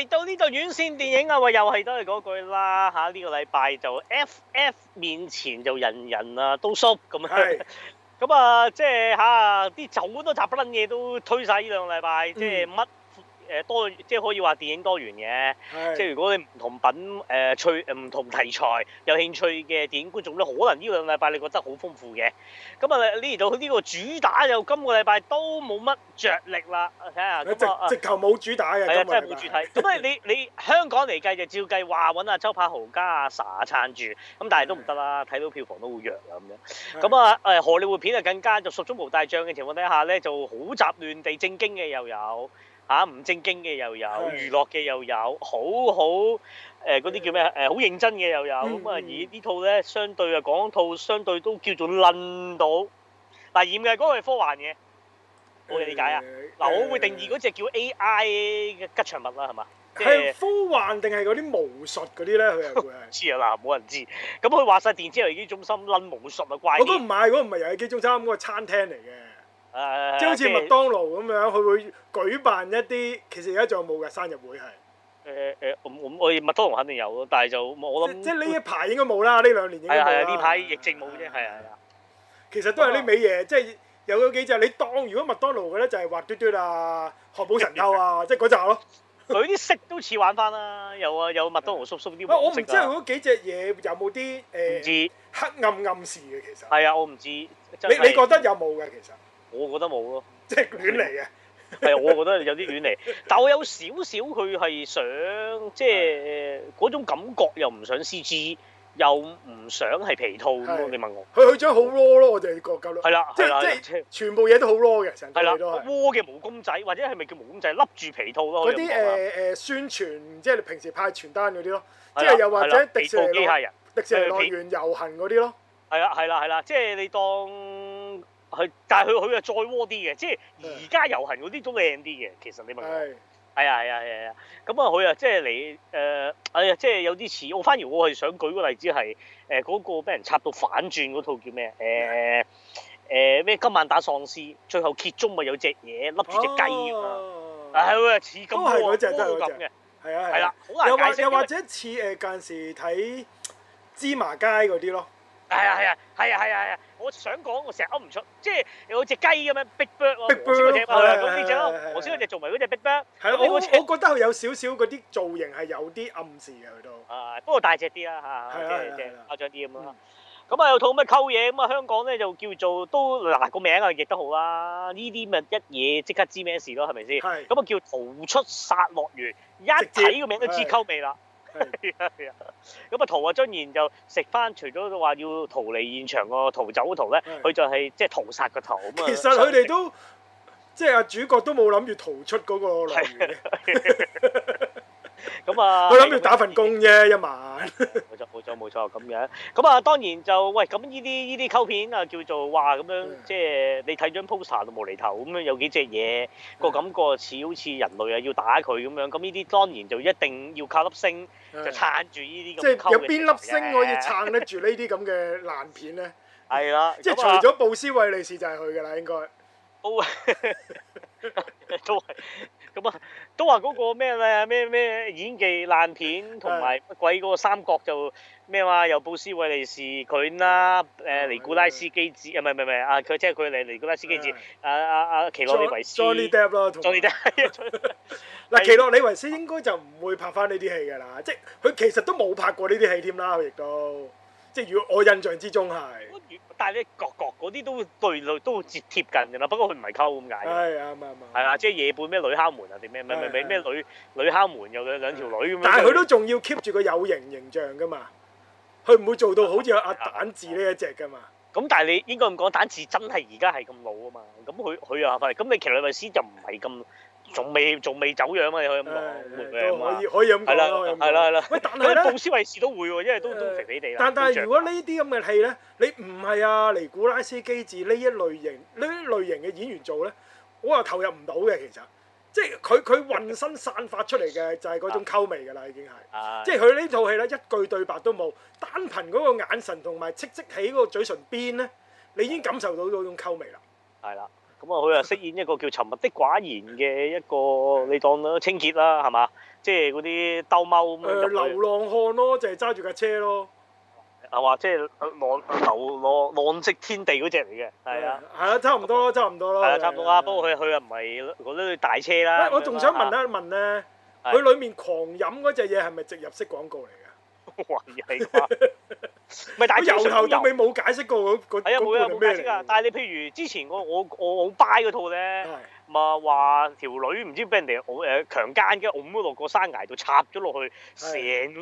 嚟到呢度，院線電影啊！喂，又係都係嗰句啦嚇，呢個禮拜就 FF 面前就人人啊都縮咁樣，咁啊即係嚇啲好多雜不撚嘢都推晒。呢兩個禮拜，即係乜？誒、呃、多即係可以話電影多元嘅，即係如果你唔同品誒、呃、趣唔同題材有興趣嘅電影觀眾咧，可能呢兩禮拜你覺得好豐富嘅。咁啊呢度呢個主打就今個禮拜都冇乜着力啦。睇下直直頭冇主打嘅，真係冇主打。咁你你 香港嚟計就照計話揾阿周柏豪加阿沙撐住，咁但係都唔得啦，睇到票房都好弱咁樣。咁啊誒荷里活片啊更加就蜀中無大將嘅情況底下咧，就好雜亂地正經嘅又有。嚇、啊、唔正經嘅又有，娛樂嘅又有，好好誒嗰啲叫咩？誒、呃、好認真嘅又有咁啊！以、嗯、呢套咧，相對啊講套，相對都叫做撚到嗱，演嘅嗰個係科幻嘅，我、呃、嘅理解啊嗱、呃，我會定義嗰隻叫 AI 嘅吉祥物啦，係嘛？係科幻定係嗰啲巫術嗰啲咧？佢又知啊嗱，冇人知咁佢話晒電子遊戲機中心撚巫術啊，怪我嗰、嗰個唔係，嗰個唔係遊戲機中心，嗰、嗰個餐廳嚟嘅。啊、即係好似麥當勞咁樣，佢會舉辦一啲，其實而家仲有冇嘅生日會係？誒、呃、誒、呃，我我我哋麥當勞肯定有，但係就我諗，即係呢一排應該冇啦，呢、嗯、兩年應該冇啦。呢排疫情冇啫，係啊係啊，啊。其實都係啲美嘢，即、啊、係、就是、有嗰幾隻。你當如果麥當勞嘅咧，就係滑嘟嘟啊、漢堡神偷啊，即係嗰紮咯。佢 啲色都似玩翻啦，有啊，有麥當勞叔叔啲。啊，素素我唔知嗰幾隻嘢有冇啲誒黑暗暗示嘅，其實。係啊，我唔知、就是。你你覺得有冇嘅其實？我覺得冇咯，即係亂嚟嘅。係啊，我覺得有啲亂嚟， 但我有少少佢係想，即係嗰種感覺又唔想 C G，又唔想係皮套咁咯。你問我，佢去咗好 raw 囉，我就覺夠啦。係啦，即係全部嘢都好 raw 嘅成日去到嘅毛公仔，或者係咪叫毛公仔？笠住皮套咯。嗰啲誒誒宣傳，即係你平時派傳單嗰啲咯，即係又或者係迪士尼嘅人，迪士尼樂園遊行嗰啲咯。係啦，係啦，係啦，即係你當。但係佢佢再窩啲嘅，即係而家遊行嗰啲都靚啲嘅。其實你問我，係啊係啊係啊。咁啊佢啊即係你，誒，係啊即係有啲似。我反而我係想舉個例子係誒嗰個俾人插到反轉嗰套叫咩誒誒咩？今、呃、晚、呃、打喪屍，最後揭盅咪有隻嘢笠住隻雞㗎、哦。係、啊、喎，似咁多啊，都係嗰隻都係咁嘅。係啊係啊，好、啊啊、難解釋或者似誒嗰陣時睇芝麻街嗰啲咯。係啊係啊係啊係啊係啊！我想講，我成日噏唔出，即係有隻雞咁樣，big bird 喎，大隻咯，做埋隻 big bird、那個。咯，我覺得有少少嗰啲造型係有啲暗示嘅，佢、啊、都。不過大隻啲啦嚇，對對對對大正，誇張啲咁咯。咁啊，有套咩溝嘢咁啊？香港咧就叫做都嗱個名啊，亦都好啦。呢啲咪一嘢即刻知咩事咯，係咪先？係。咁啊叫逃出殺樂園，一睇個名都知溝味啦。係啊係，啊，咁啊逃啊張炎就食翻，除咗話要逃離現場個逃走圖咧，佢就係即係屠殺個圖咁，其實佢哋都即係阿主角都冇諗住逃出嗰個樂園。 是的笑 咁啊，我諗住打份工啫一晚。冇 錯冇錯冇錯咁樣。咁啊當然就喂咁呢啲呢啲溝片啊叫做哇咁樣，即 係你睇張 poster 都無厘頭咁樣， 樣，有幾隻嘢個感覺似好似人類啊要打佢咁樣。咁呢啲當然就一定要靠粒星 就撐住呢啲咁。即 係有邊粒星可以撐得住這這呢啲咁嘅爛片咧？係 啦是的，即 係除咗布斯威利士就係佢噶啦， 應該。 哦、 都係。咁啊，都話嗰個咩咩咩演技爛片，同埋鬼嗰個三角就咩話？由布斯韋利士佢啦，誒尼古拉斯基治啊，唔係唔係唔係啊，佢即係佢嚟尼古拉斯基治，阿阿阿奇洛李維斯啦，Johnny Depp 啦，同 Johnny Depp。嗱、啊，奇洛李維斯應該就唔會拍翻呢啲戲㗎啦，即係佢其實都冇拍過呢啲戲添啦，佢亦都。即係如果我印象之中係，但係你各各嗰啲都對女都接貼近嘅啦。他不過佢唔係溝咁解。係啊，啱啊。係啊，即係夜半咩女敲門啊定咩，咩係唔咩女女敲門，又兩條女咁樣。但係佢都仲要 keep 住個有型形象噶嘛，佢唔會做到好似阿蛋字呢一隻噶嘛。咁但係你應該咁講，蛋字真係而家係咁老啊嘛。咁佢佢又係，咁你騎女維斯就唔係咁。仲未仲未走樣啊，你可以咁講嘅嘛？係啦係啦係啦。喂，但係咧，報銷衞士都會，因為都都肥肥地啦。但但係如果呢啲咁嘅戲咧，你唔係啊尼古拉斯基治呢一類型呢一類型嘅演員做咧，我話投入唔到嘅其實，即係佢佢渾身散發出嚟嘅就係嗰種溝味㗎啦，已經係。即係佢呢套戲咧，一句對白都冇，單憑嗰個眼神同埋戚戚喺嗰個嘴唇邊咧，你已經感受到嗰種溝味啦。係啦。咁啊，佢又飾演一個叫沉默的寡言嘅一個，你當啦清潔啦，係嘛？即係嗰啲兜踎咁、呃、流浪漢咯、啊，即係揸住架車咯。係話即係浪流浪浪跡天地嗰隻嚟嘅，係啊。係啊，差唔多，差唔多啦。係啊，啊，啊，啊，差唔多啊，不過佢佢又唔係嗰啲大車啦。我仲想問一、啊、問咧，佢、啊、裡面狂飲嗰隻嘢係咪植入式廣告嚟嘅？懷疑啊！咪大，好由頭到尾冇解釋過，嗰係啊冇啊冇解釋啊！但係你譬如之前我我我我 By 嗰套咧，咪話條女唔知俾人哋，我誒強姦嘅，㧬咗落個山崖度插咗落去，成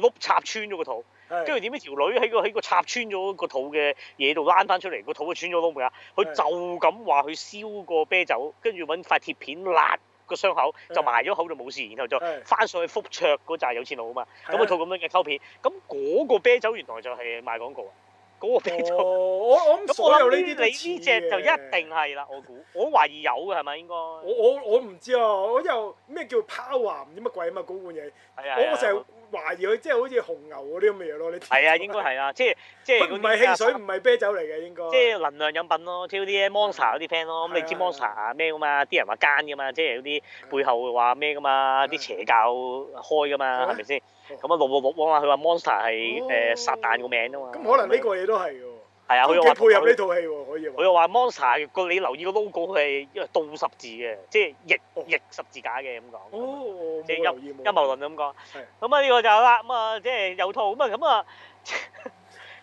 碌插穿咗個肚，跟住點知條女喺個喺個插穿咗個肚嘅嘢度攣翻出嚟，個肚就穿咗窿㗎，佢就咁話佢燒個啤酒，跟住揾塊鐵片焫。個傷口就埋咗口就冇事，然後就返上去覆桌嗰扎有錢佬啊嘛，咁一套咁樣嘅偷片，咁嗰個啤酒原來就係賣廣告啊。嗰個啤酒，我所有 我咁我諗呢啲你呢隻就一定係啦，我估，我懷疑有嘅係咪應該？我我我唔知，我 power，知、那個、啊，我又咩叫 power 啊？唔知乜鬼啊嘛，嗰碗嘢。係啊。我成日懷疑佢即係好似紅牛嗰啲咁嘅嘢咯，你知。係啊，應該係啊，即係即係。唔係汽水，唔係啤酒嚟嘅應該。即係能量飲品咯，即係啲阿 Monster 嗰啲 friend 咯。咁、啊、你知 Monster 啊咩噶嘛？啲人話奸噶嘛，即係嗰啲背後話咩噶嘛？啲、啊、邪教開噶嘛，係咪先？是咁、哦哦欸、啊，六六六啊嘛，佢話 monster 係誒撒旦個名啊嘛。咁可能呢個嘢都係喎。係啊，佢又話配合呢套戲喎、啊，可以話。佢又話 monster 個你留意個 logo，佢係倒十字嘅，即係逆、哦、逆，逆十字架嘅咁講。哦，即係陰陰謀論咁講。咁啊呢個就啦，咁啊即係有套咁啊咁啊，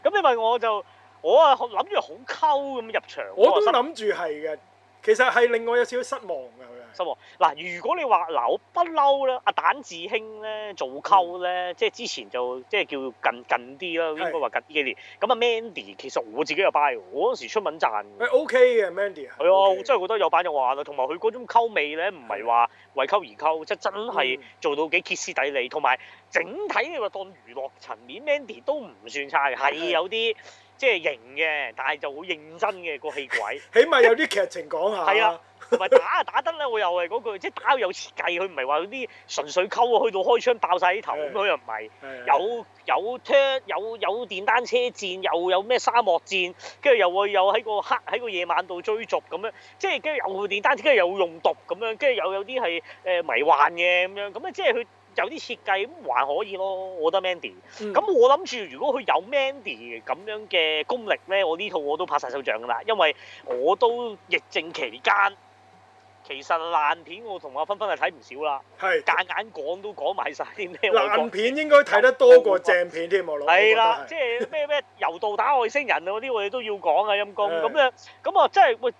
咁你問我就我啊諗住好溝咁入場。我都諗住係嘅。是的其實係令我有少少失望嘅。失望嗱，如果你話嗱，我不嬲咧，阿蛋志興咧做溝咧，嗯、即係之前就即係叫近近啲啦，應該話近呢幾年。咁啊，Mandy 其實我自己有 buy，我嗰時出品賺 Mandy，啊。OK 嘅，Mandy 啊。係啊，真係好多有板有眼啊，同埋佢嗰種溝味咧，唔係話為溝而溝，即係真係做到幾歇斯底里，同、嗯、埋整體你話當娛樂層面，Mandy 都唔算差嘅，係有啲。即係型嘅，但係就好認真嘅個戲鬼， 起碼有啲劇情講下。係 啊，同埋打啊打得啦，我又係嗰句，即係打有設計，佢唔係話啲純粹溝啊，去到開槍爆晒啲頭咁 樣又唔係。 有有 t 有有電單車戰，又有咩沙漠戰，跟住又會有喺個黑喺個夜晚度追逐咁樣，樣、呃、樣，樣，即係跟住有電單車又用毒咁樣，跟住又有啲係誒迷幻嘅咁樣，咁咧即係佢。有啲設計咁還可以咯，我覺得 Mandy、嗯。咁我諗住如果佢有 Mandy 咁樣嘅功力咧，我呢套我都拍晒手掌㗎啦，因為我都疫症期間，其實爛片我同阿芬芬係睇唔少啦，間間講都講埋晒啲咩。爛片應該睇得多過正片添喎，老。係啦，即係咩咩《柔道打外星人》嗰 啲我哋都要講啊陰公。咁啊咁啊即係喂。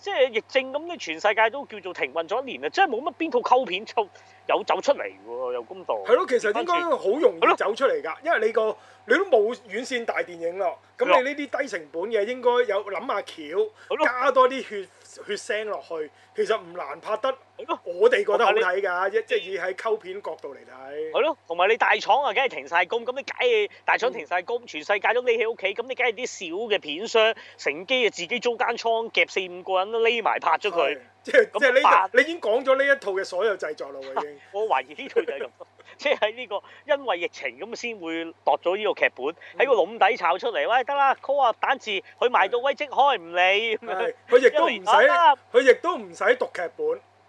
即係疫症咁，你全世界都叫做停運咗一年啊！即係冇乜邊套溝片就有走出嚟喎，有咁多。係咯，其實應該好容易走出嚟㗎，因為你個。你都冇院線大電影咯，咁你呢啲低成本嘅應該有諗下橋，加多啲血血腥落去，其實唔難拍得。我哋覺得好睇㗎，即係以喺溝片角度嚟睇。係咯，同埋你大廠啊，梗係停晒工，咁你梗係大廠停晒工，嗯，全世界都匿喺屋企，咁你梗係啲小嘅片商乘機啊，自己租間倉夾四五個人都匿埋拍咗佢。即係即係呢？你已經講咗呢一套嘅所有製作啦，已經。 我懷疑呢套就係咁。 即係呢個，因為疫情咁先會度咗呢個劇本，喺、嗯、個籠底炒出嚟。喂，得啦，call 阿蛋治，佢賣、啊、到威積開唔理，佢亦都唔使，啦。佢亦都唔使讀劇本。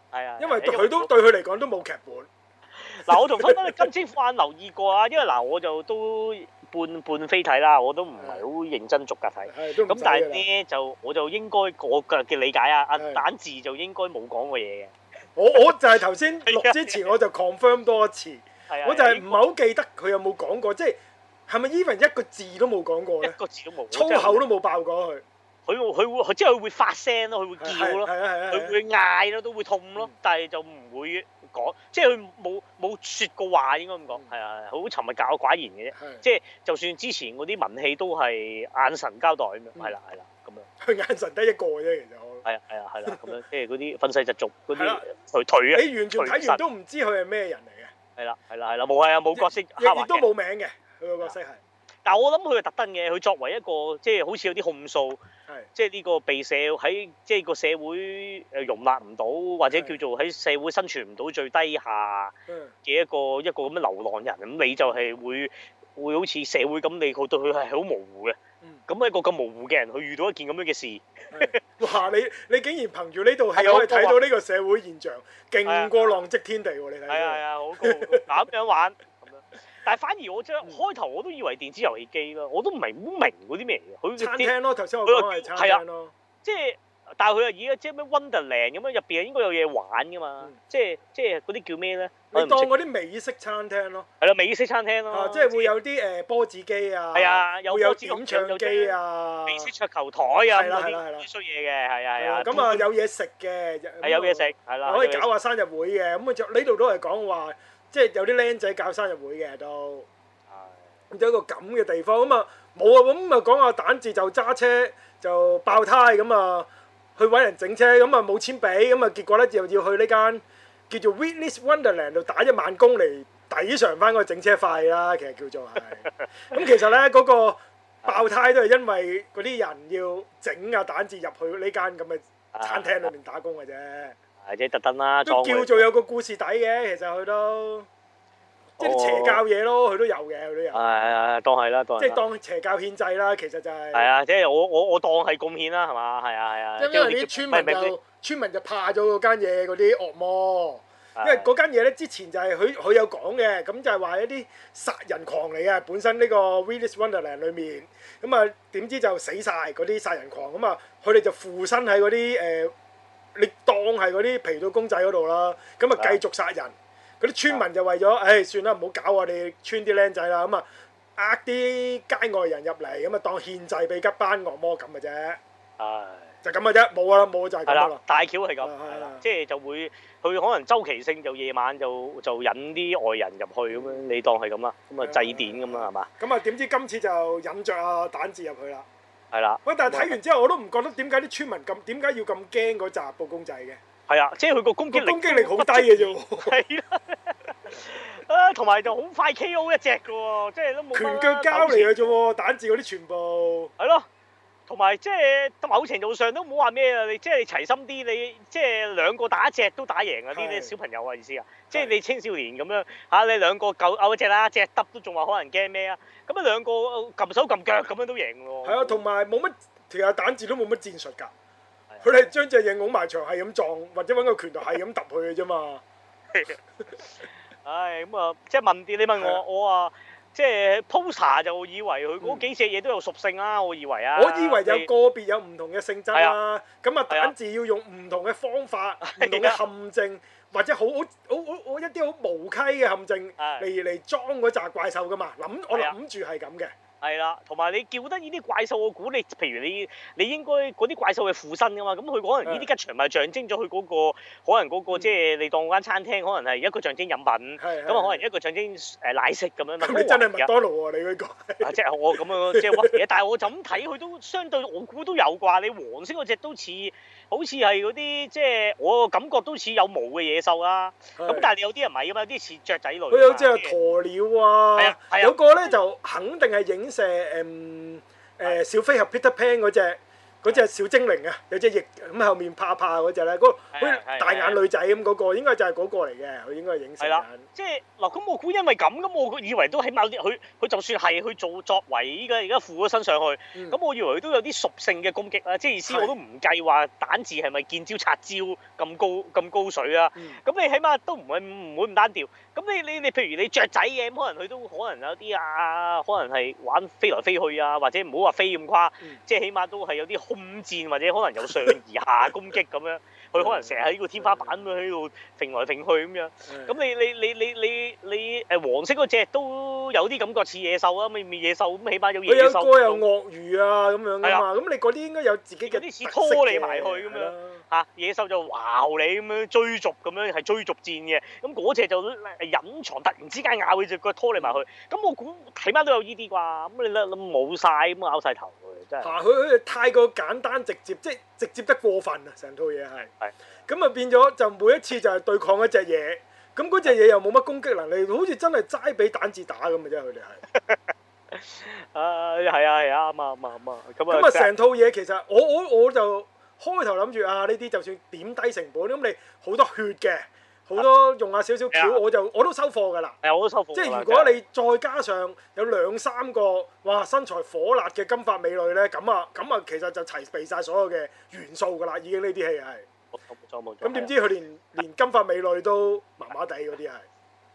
係啊，因為佢都對佢嚟講都冇劇本。嗱， 我同分分今次返留意過啊，因為嗱，我就都半半飛睇啦，我都唔係好認真逐格睇。係，咁但係咧，就我就應該我嘅嘅理解啊，阿蛋治就應該冇講過嘢嘅。我我就係頭先錄之前，我就 confirm 多一次。啊、我就係唔係好記得佢有冇講過，即係係咪 Even 一個字都冇講過呢？一個字都冇，粗口都冇爆過佢。佢佢會即係佢會發聲咯，佢會叫咯，佢會嗌咯，都會痛咯、嗯，但係就唔會講，即係佢冇冇説過話應該咁講。係、嗯、啊，好沉默寡言嘅啫。即係、就係、就算之前嗰啲文戲都係眼神交代咁樣。係、嗯、啦，係啦，咁樣。佢眼神得一個嘅啫，其實。係啊，係啊，係啦、啊，咁樣、啊啊啊啊、即係嗰啲分世習俗嗰啲腿腿啊。你完全睇完都唔知佢係咩人嚟。係啦，係啦，係啦，冇係啊，冇角色客串嘅，亦都冇名嘅，佢個角色係。但係我諗佢係特登嘅，佢作為一個即係好似有啲控訴，即係呢個被社喺即係個社會誒容納唔到，或者叫做喺社會生存唔到最低下嘅一個一個咁嘅流浪人，咁你就係會會好似社會咁，你對佢係好模糊嘅。咁一個咁模糊嘅人去遇到一件咁樣嘅事， 哇！你你竟然憑住呢度係可以睇到呢個社會現象，勁！啊、過浪跡天地喎、啊啊！你睇，係啊係啊，好高，咁 樣玩咁樣。但係反而我將、嗯、開頭我都以為電子遊戲機咯，我都唔係好明嗰啲咩嘢。佢餐廳咯，頭先我講係餐廳咯，即係、啊。就係但係佢又而家即係咩 Wonderland 咁樣入邊應該有嘢玩噶嘛？即係即係嗰啲叫咩咧？你當嗰啲美式餐廳咯。係咯，美式餐廳咯。啊，即係會有啲誒波子機啊，又有點唱機啊，美式桌球台啊，嗰啲衰嘢嘅。係啊係啊。咁啊有嘢食嘅？係有嘢食。係啦，可以搞下生日會嘅咁啊！就呢度都係講話，即係有啲僆仔搞生日會嘅都。係。有個咁嘅地方咁啊冇啊，咁啊講下蛋字就揸車就爆胎咁啊！去揾人整車，咁啊冇錢俾，咁啊結果咧，就要去呢間叫做 Willy's Wonderland 度打一晚工嚟抵償翻嗰個整車費啦，其實叫做係。咁其實咧嗰個爆胎都係因為嗰啲人要整阿蛋，至入去呢間咁嘅餐廳裏面打工嘅啫。係啫，特登啦，都叫做有個故事底嘅，其實佢都。即係邪教嘢咯，佢都有嘅，佢都有。係係係，當係啦，當。即係當邪教獻祭啦，其實就係。係啊，即係我我我當係貢獻啦，係嘛？係啊係啊。因為啲村民就村民就怕咗嗰間嘢嗰啲惡魔，因為嗰間嘢咧之前就係佢佢有講嘅，咁就係話一啲殺人狂嚟嘅，本身呢個《Willy's Wonderland》裏面，咁啊點知就死晒嗰啲殺人狂，咁啊佢哋就附身喺嗰啲誒，你當係嗰啲皮套公仔嗰度啦，咁啊繼續殺人。嗰啲村民就為咗，唉、啊哎，算啦，唔好搞我哋村啲僆仔啦，咁啊，呃啲街外人入嚟，咁啊當獻祭俾吉班惡魔咁嘅啫。唉、啊。就咁嘅啫，冇啊，冇就係咁。大橋係咁。係啦。即係就會，佢可能周期性就夜晚就就引啲外人入去咁樣，你當係咁啦，咁啊祭典咁啦，係嘛？咁啊點知今次就引着阿蛋字入去啦？係啦。喂，但係睇完之後我都唔覺得點解啲村民咁點解要咁驚嗰集布公仔嘅？係啊，即係佢個攻攻擊力好低嘅啫喎，係咯，啊同埋就好快 KO 一隻嘅、啊、喎，即係都冇拳腳交嚟嘅啫喎，單字嗰啲全部、啊。係咯、就是，同埋即係某程度上都冇話咩啊，你即係、就是、你齊心啲，你即係、就是、兩個打一隻都打贏啊！啲啲小朋友啊意思啊，啊即係你青少年咁樣嚇，你兩個夠拗、哦、一隻啦，只耷都仲話可能驚咩啊？咁啊兩個撳手撳腳咁樣都贏喎。係啊，同埋冇乜其實單字都冇乜戰術㗎。佢哋將隻嘢拱埋牆，係咁撞，或者搵個拳頭係咁揼佢嘅啫嘛。係啊。唉、嗯，咁、嗯、啊，即係問啲，你問我，啊我啊，即係 poor 就以為佢嗰幾隻嘢都有屬性啦，我以為啊。我以為有個別有唔同嘅性質啊。咁啊，等字要用唔同嘅方法、唔、啊、同嘅陷阱，或者好好好好一啲好無稽嘅陷阱嚟嚟裝嗰紮怪獸噶嘛？諗我諗住係咁嘅。係啦，同埋你叫得呢啲怪獸，我估你，譬如你，你應該嗰啲怪獸係附身噶嘛，咁佢可能呢啲吉祥物象徵咗佢嗰個，可能嗰、嗰個即係、即係、你當間餐廳，可能係一個象徵飲品，咁啊可能一個象徵誒奶昔咁樣。咁真係麥當勞啊？你嗰個、啊，即、就、係、是、我咁樣即係屈嘢，就是啊、 但係我就咁睇佢都相對，我估都有啩。你黃色嗰隻都似。好似係嗰啲即係我感覺都似有毛嘅野獸啦、啊，咁但係有啲人唔係㗎嘛，有啲似雀仔類、啊。佢有隻係鴕鳥啊，啊，有個咧、嗯、就肯定係影射誒誒小飛俠 Peter Pan 嗰隻。嗰隻小精靈啊，有隻翼咁後面怕怕嗰隻咧，嗰、那個、大眼女仔咁嗰、那個，應該就係嗰個嚟嘅，佢應該影成。即、就、係、是，嗱，咁我估因為咁，咁我以為都起碼佢佢就算係去做作為依而家附咗身上去，咁、嗯、我以為佢都有啲屬性嘅攻擊啊，即係意思我都唔計話彈字係咪見招拆招咁高咁高水啊。咁、嗯、你起碼都唔會唔會咁單調。咁你你你譬如你雀仔嘅咁，可能佢都可能有啲啊，可能係玩飛來飛去啊，或者唔好話飛咁誇、嗯，即係起碼都係有啲。攻佔或者可能由上而下攻擊咁樣。佢可能成日喺個天花板咁樣喺度停來停去咁樣，咁、嗯嗯、你你你你你你誒黃色嗰隻都有啲感覺似野獸啊，咪野獸咁起碼有野獸。有個有鱷魚啊咁樣啊嘛，咁、啊、你嗰啲應該有自己嗰啲似拖你埋去咁樣，嚇、啊啊、野獸就咬你咁樣追逐咁樣係追逐戰嘅，咁嗰隻就隱藏突然之間咬佢隻腳拖你埋去，咁、嗯、我估起碼都有依啲啩，咁你咧冇晒，咁咬晒頭嘅真係。佢、啊、佢太過簡單直接，即係直接得過分啊！成套嘢係。咁啊，變咗就每一次就係對抗一隻嘢，咁嗰隻嘢又冇乜攻擊能力，好似真係齋俾彈子打咁嘅啫。佢哋係啊，係啊，係啊，啊嘛啊嘛啊咁啊！咁啊，成套嘢其實我我我就開頭諗住啊，呢啲就算點低成本咁，你好多血嘅，好多、啊、用下少少橋，我就我都收貨㗎啦。我都收貨，啊都收貨。即係如果你再加上有兩三個哇身材火辣嘅金髮美女咧，咁啊咁啊，其實就齊備晒所有嘅元素㗎啦，已經呢啲戲係。咁點知佢連連金髮美女都麻麻地嗰啲係？係、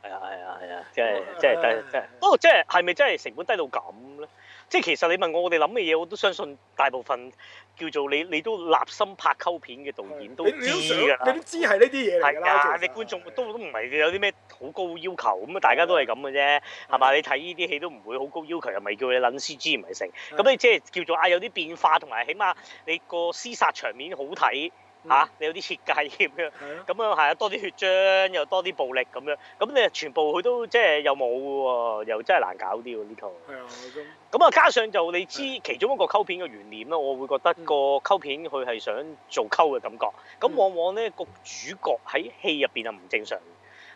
嗯、啊係啊係啊，即係即係低即係哦，即係係咪真係、sure、成本低到咁咧？即係其實你問我，我哋諗嘅嘢，我都相信大部分叫做 movie- 你你都立心拍溝片嘅導演都知㗎啦。你都知係呢啲嘢嚟㗎啦。你觀眾都都唔係有啲咩好高要求，咁大家都係咁嘅啫，係、yeah, 嘛、evet？你睇呢啲戲都唔會好高要求，又咪叫你撚 CG 唔係成？咁你即係叫做啊有啲變化，同埋起碼你個廝殺場面好睇。嚇、啊！你有啲設計咁樣咁樣係啊，多啲血漿，又多啲暴力咁樣，咁你全部佢都即係又冇嘅喎，又真係難搞啲喎呢套。係啊，咁啊，加上就你知其中一個溝片嘅原點咧，我會覺得個溝片佢係想做溝嘅感覺，咁往往咧個、嗯、主角喺戲入邊啊唔正常。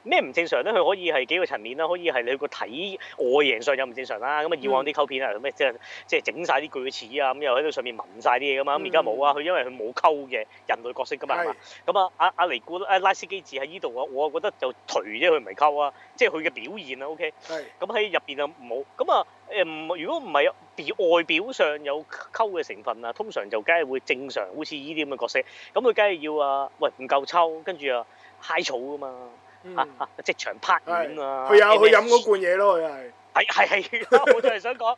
咩唔正常咧？佢可以係幾個層面啦，可以係你個體外形上有唔正常啦。咁啊，以往啲溝片啊，咩即係即整晒啲鋸齒啊，咁、就是、又喺度上面紋晒啲嘢噶嘛。咁而家冇啊，佢因為佢冇溝嘅人類角色噶嘛。咁啊，阿阿尼古拉拉斯基治喺呢度，啊我覺得就頹啫，佢唔係溝啊，即係佢嘅表現啊。O、okay? K。咁喺入邊啊冇咁啊唔如果唔係外表上有溝嘅成分啊，通常就梗係會正常，好似呢啲咁嘅角色。咁佢梗係要啊喂唔夠溝，跟住啊嗨草噶嘛。即場拍 part 啊！佢、啊、有佢飲嗰罐嘢咯，佢係係係係， 我就係想講。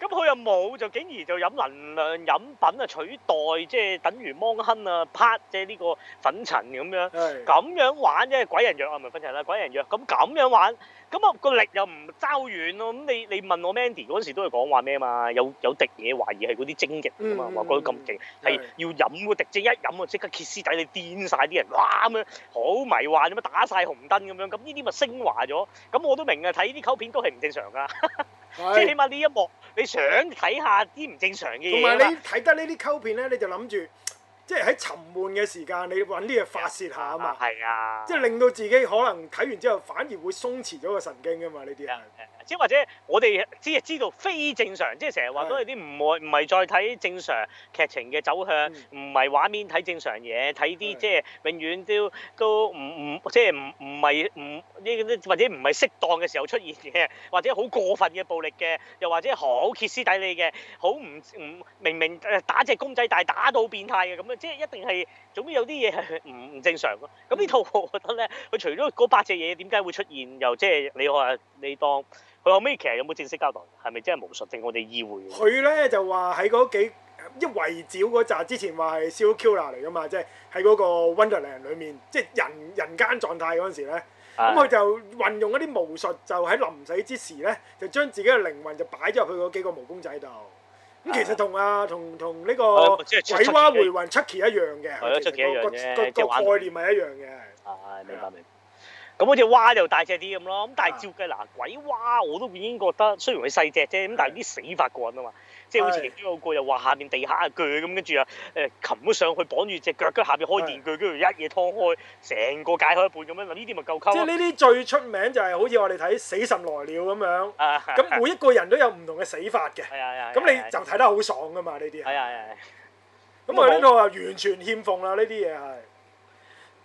咁佢又冇就竟然就飲能量飲品啊，取代，即係等於芒亨啊拍，即係呢個粉塵咁樣咁樣玩，即係鬼人藥啊，咪粉塵啦，鬼人藥，咁咁樣玩咁。啊、那個力又唔差好遠咯，咁你你問我 Mandy 嗰陣時都係講話咩嘛，有有敵嘢懷疑係嗰啲精液啊嘛，話講到咁勁係要飲個敵精一飲啊，即刻揭屍仔，你癲晒啲人哇，咁樣好迷幻咁樣打晒紅燈咁樣，咁呢啲咪升華咗，咁我都明啊，睇啲溝片都係唔正常噶。 即係起碼呢一幕，你想睇下啲唔正常嘅嘢。同埋你睇得呢啲溝片咧，你就諗住，即係喺沉悶嘅時間，你搵啲嘢發洩下啊嘛。係啊。即係、就是、令到自己可能睇完之後，反而會鬆弛咗個神經㗎嘛，呢啲啊。即或者我哋只係知道非正常，即成日話嗰啲唔會唔係再睇正常劇情嘅走向，唔係畫面睇正常嘢，睇啲即永遠都都唔唔即唔唔係唔啲或者唔係適當嘅時候出現嘅，或者好過分嘅暴力嘅，又或者好歇斯底里嘅，好唔唔明明打隻公仔，大打到變態嘅咁啊！即一定係總之有啲嘢係唔唔正常咯。咁呢套我覺得咧，佢除咗嗰八隻嘢，點解會出現？又即你話你當？佢後尾其實有冇正式交代？係咪真係巫術？定我哋意會。佢咧就話喺嗰幾一圍剿嗰扎之前話係小 Q 嚟噶嘛，即係喺嗰個 Wonderland 裡面，即係人人間狀態嗰陣時咧，咁佢就運用一啲巫術，就喺臨死之時咧，就將自己嘅靈魂就擺咗入去嗰幾個毛公仔度。咁其實同啊同同呢個鬼娃回魂 Chucky 一樣嘅，嗰個個、嗰個概念係一樣嘅。係，明白明白。咁好似蛙又大隻啲咁咯，咁但係照計嗱鬼蛙我都已經覺得，雖然佢細隻啫，咁但係啲死法過癮啊嘛，即係好似亦都有個又話下面地下啊鋸咁，跟住啊誒擒咗上去綁住隻腳喺下邊開電鋸，跟住一嘢劏開，成個解開一半咁樣，呢啲咪夠溝、啊？即係呢啲最出名就係好似我哋睇《死神來了》咁樣，咁、啊、每一個人都有唔同嘅死法嘅，咁你就睇得好爽噶嘛呢啲，咁啊呢個完全欠奉啦呢啲嘢係。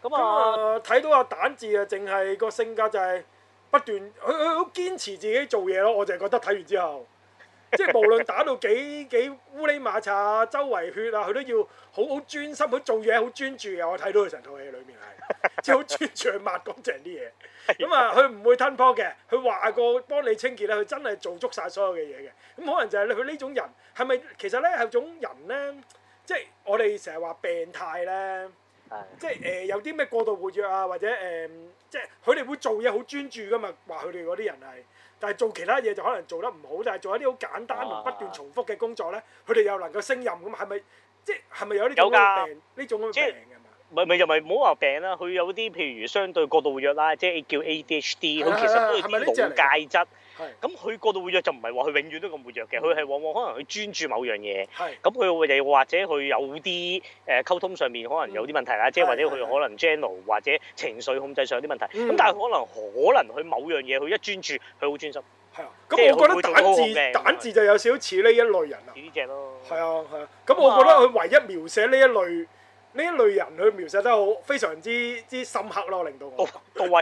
咁啊！睇、嗯、到阿蛋字啊，淨係個性格就係不斷，佢佢好堅持自己做嘢咯。我淨係覺得睇完之後， 即係無論打到幾幾烏哩馬叉周圍血啊，佢都要好好專心佢做嘢，好專注嘅。我睇到佢成套戲裏面係，即係好專注去抹乾淨啲嘢。咁啊，佢唔會吞泡嘅，佢話過幫你清潔咧，佢真係做足晒所有嘅嘢嘅。咁可能就係佢呢種人，係咪其實呢係種人呢，即係我哋成日話病態呢。即係誒、呃、有啲咩過度活躍啊，或者誒、呃，即係佢哋會做嘢好專注噶嘛，話佢哋嗰啲人係，但係做其他嘢就可能做得唔好，但係做一啲好簡單同不斷重複嘅工作咧，佢哋又能夠升任咁啊，係咪？即係係咪有呢種咁嘅病？呢種咁嘅病㗎嘛？唔唔又唔好話病啦，佢有啲譬如相對過度活躍啦，即係叫 ADHD，佢其實都係啲腦介質。啊是咁佢過度活躍就唔係話佢永遠都咁活躍嘅，佢係往往可能佢專注某樣嘢，咁佢又或者佢有啲溝通上面可能有啲問題啦、嗯，即係或者佢可能 general 或者情緒控制上有啲問題、嗯，咁但係可能、嗯、可能佢某樣嘢佢一專注，佢好專心，啊，咁、啊啊啊啊、我覺得蛋字蛋字就有少少似呢一類人啦，係啊啊，咁我覺得佢唯一描寫呢一類。呢一類人佢描述得好非常之之深刻咯，令到我到到位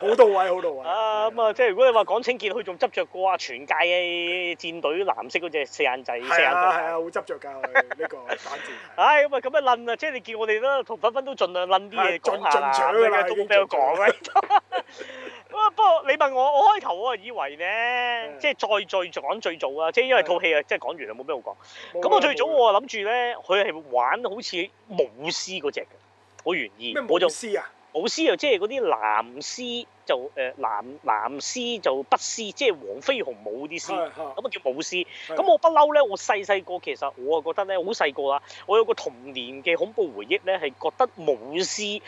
好到 位，好到位、uh, 啊！咁啊，即係如果你話講清潔，佢仲執着過啊！全界嘅戰隊藍色嗰隻四眼仔，係啊係啊、四眼仔係啊好執着㗎！呢個反戰唉咁啊咁樣撚啊！即係你見我哋都同粉粉都盡量撚啲嘢講下啦，進了了都冇俾我講 你問我，我開頭我係以為咧，即係再，再再講最早啊，即係因為套戲啊，即係講完啊，冇咩好講。咁我最早我係諗住咧，佢係玩好似舞獅嗰隻嘅，好願意。咩舞獅啊？舞獅啊，即係嗰啲南獅就誒南，南獅就北獅，即係黃飛鴻舞啲獅，咁啊叫舞獅。咁我不嬲咧，我細細個其實我啊覺得咧，好細個啦，我有個童年嘅恐怖回憶咧，係覺得舞獅。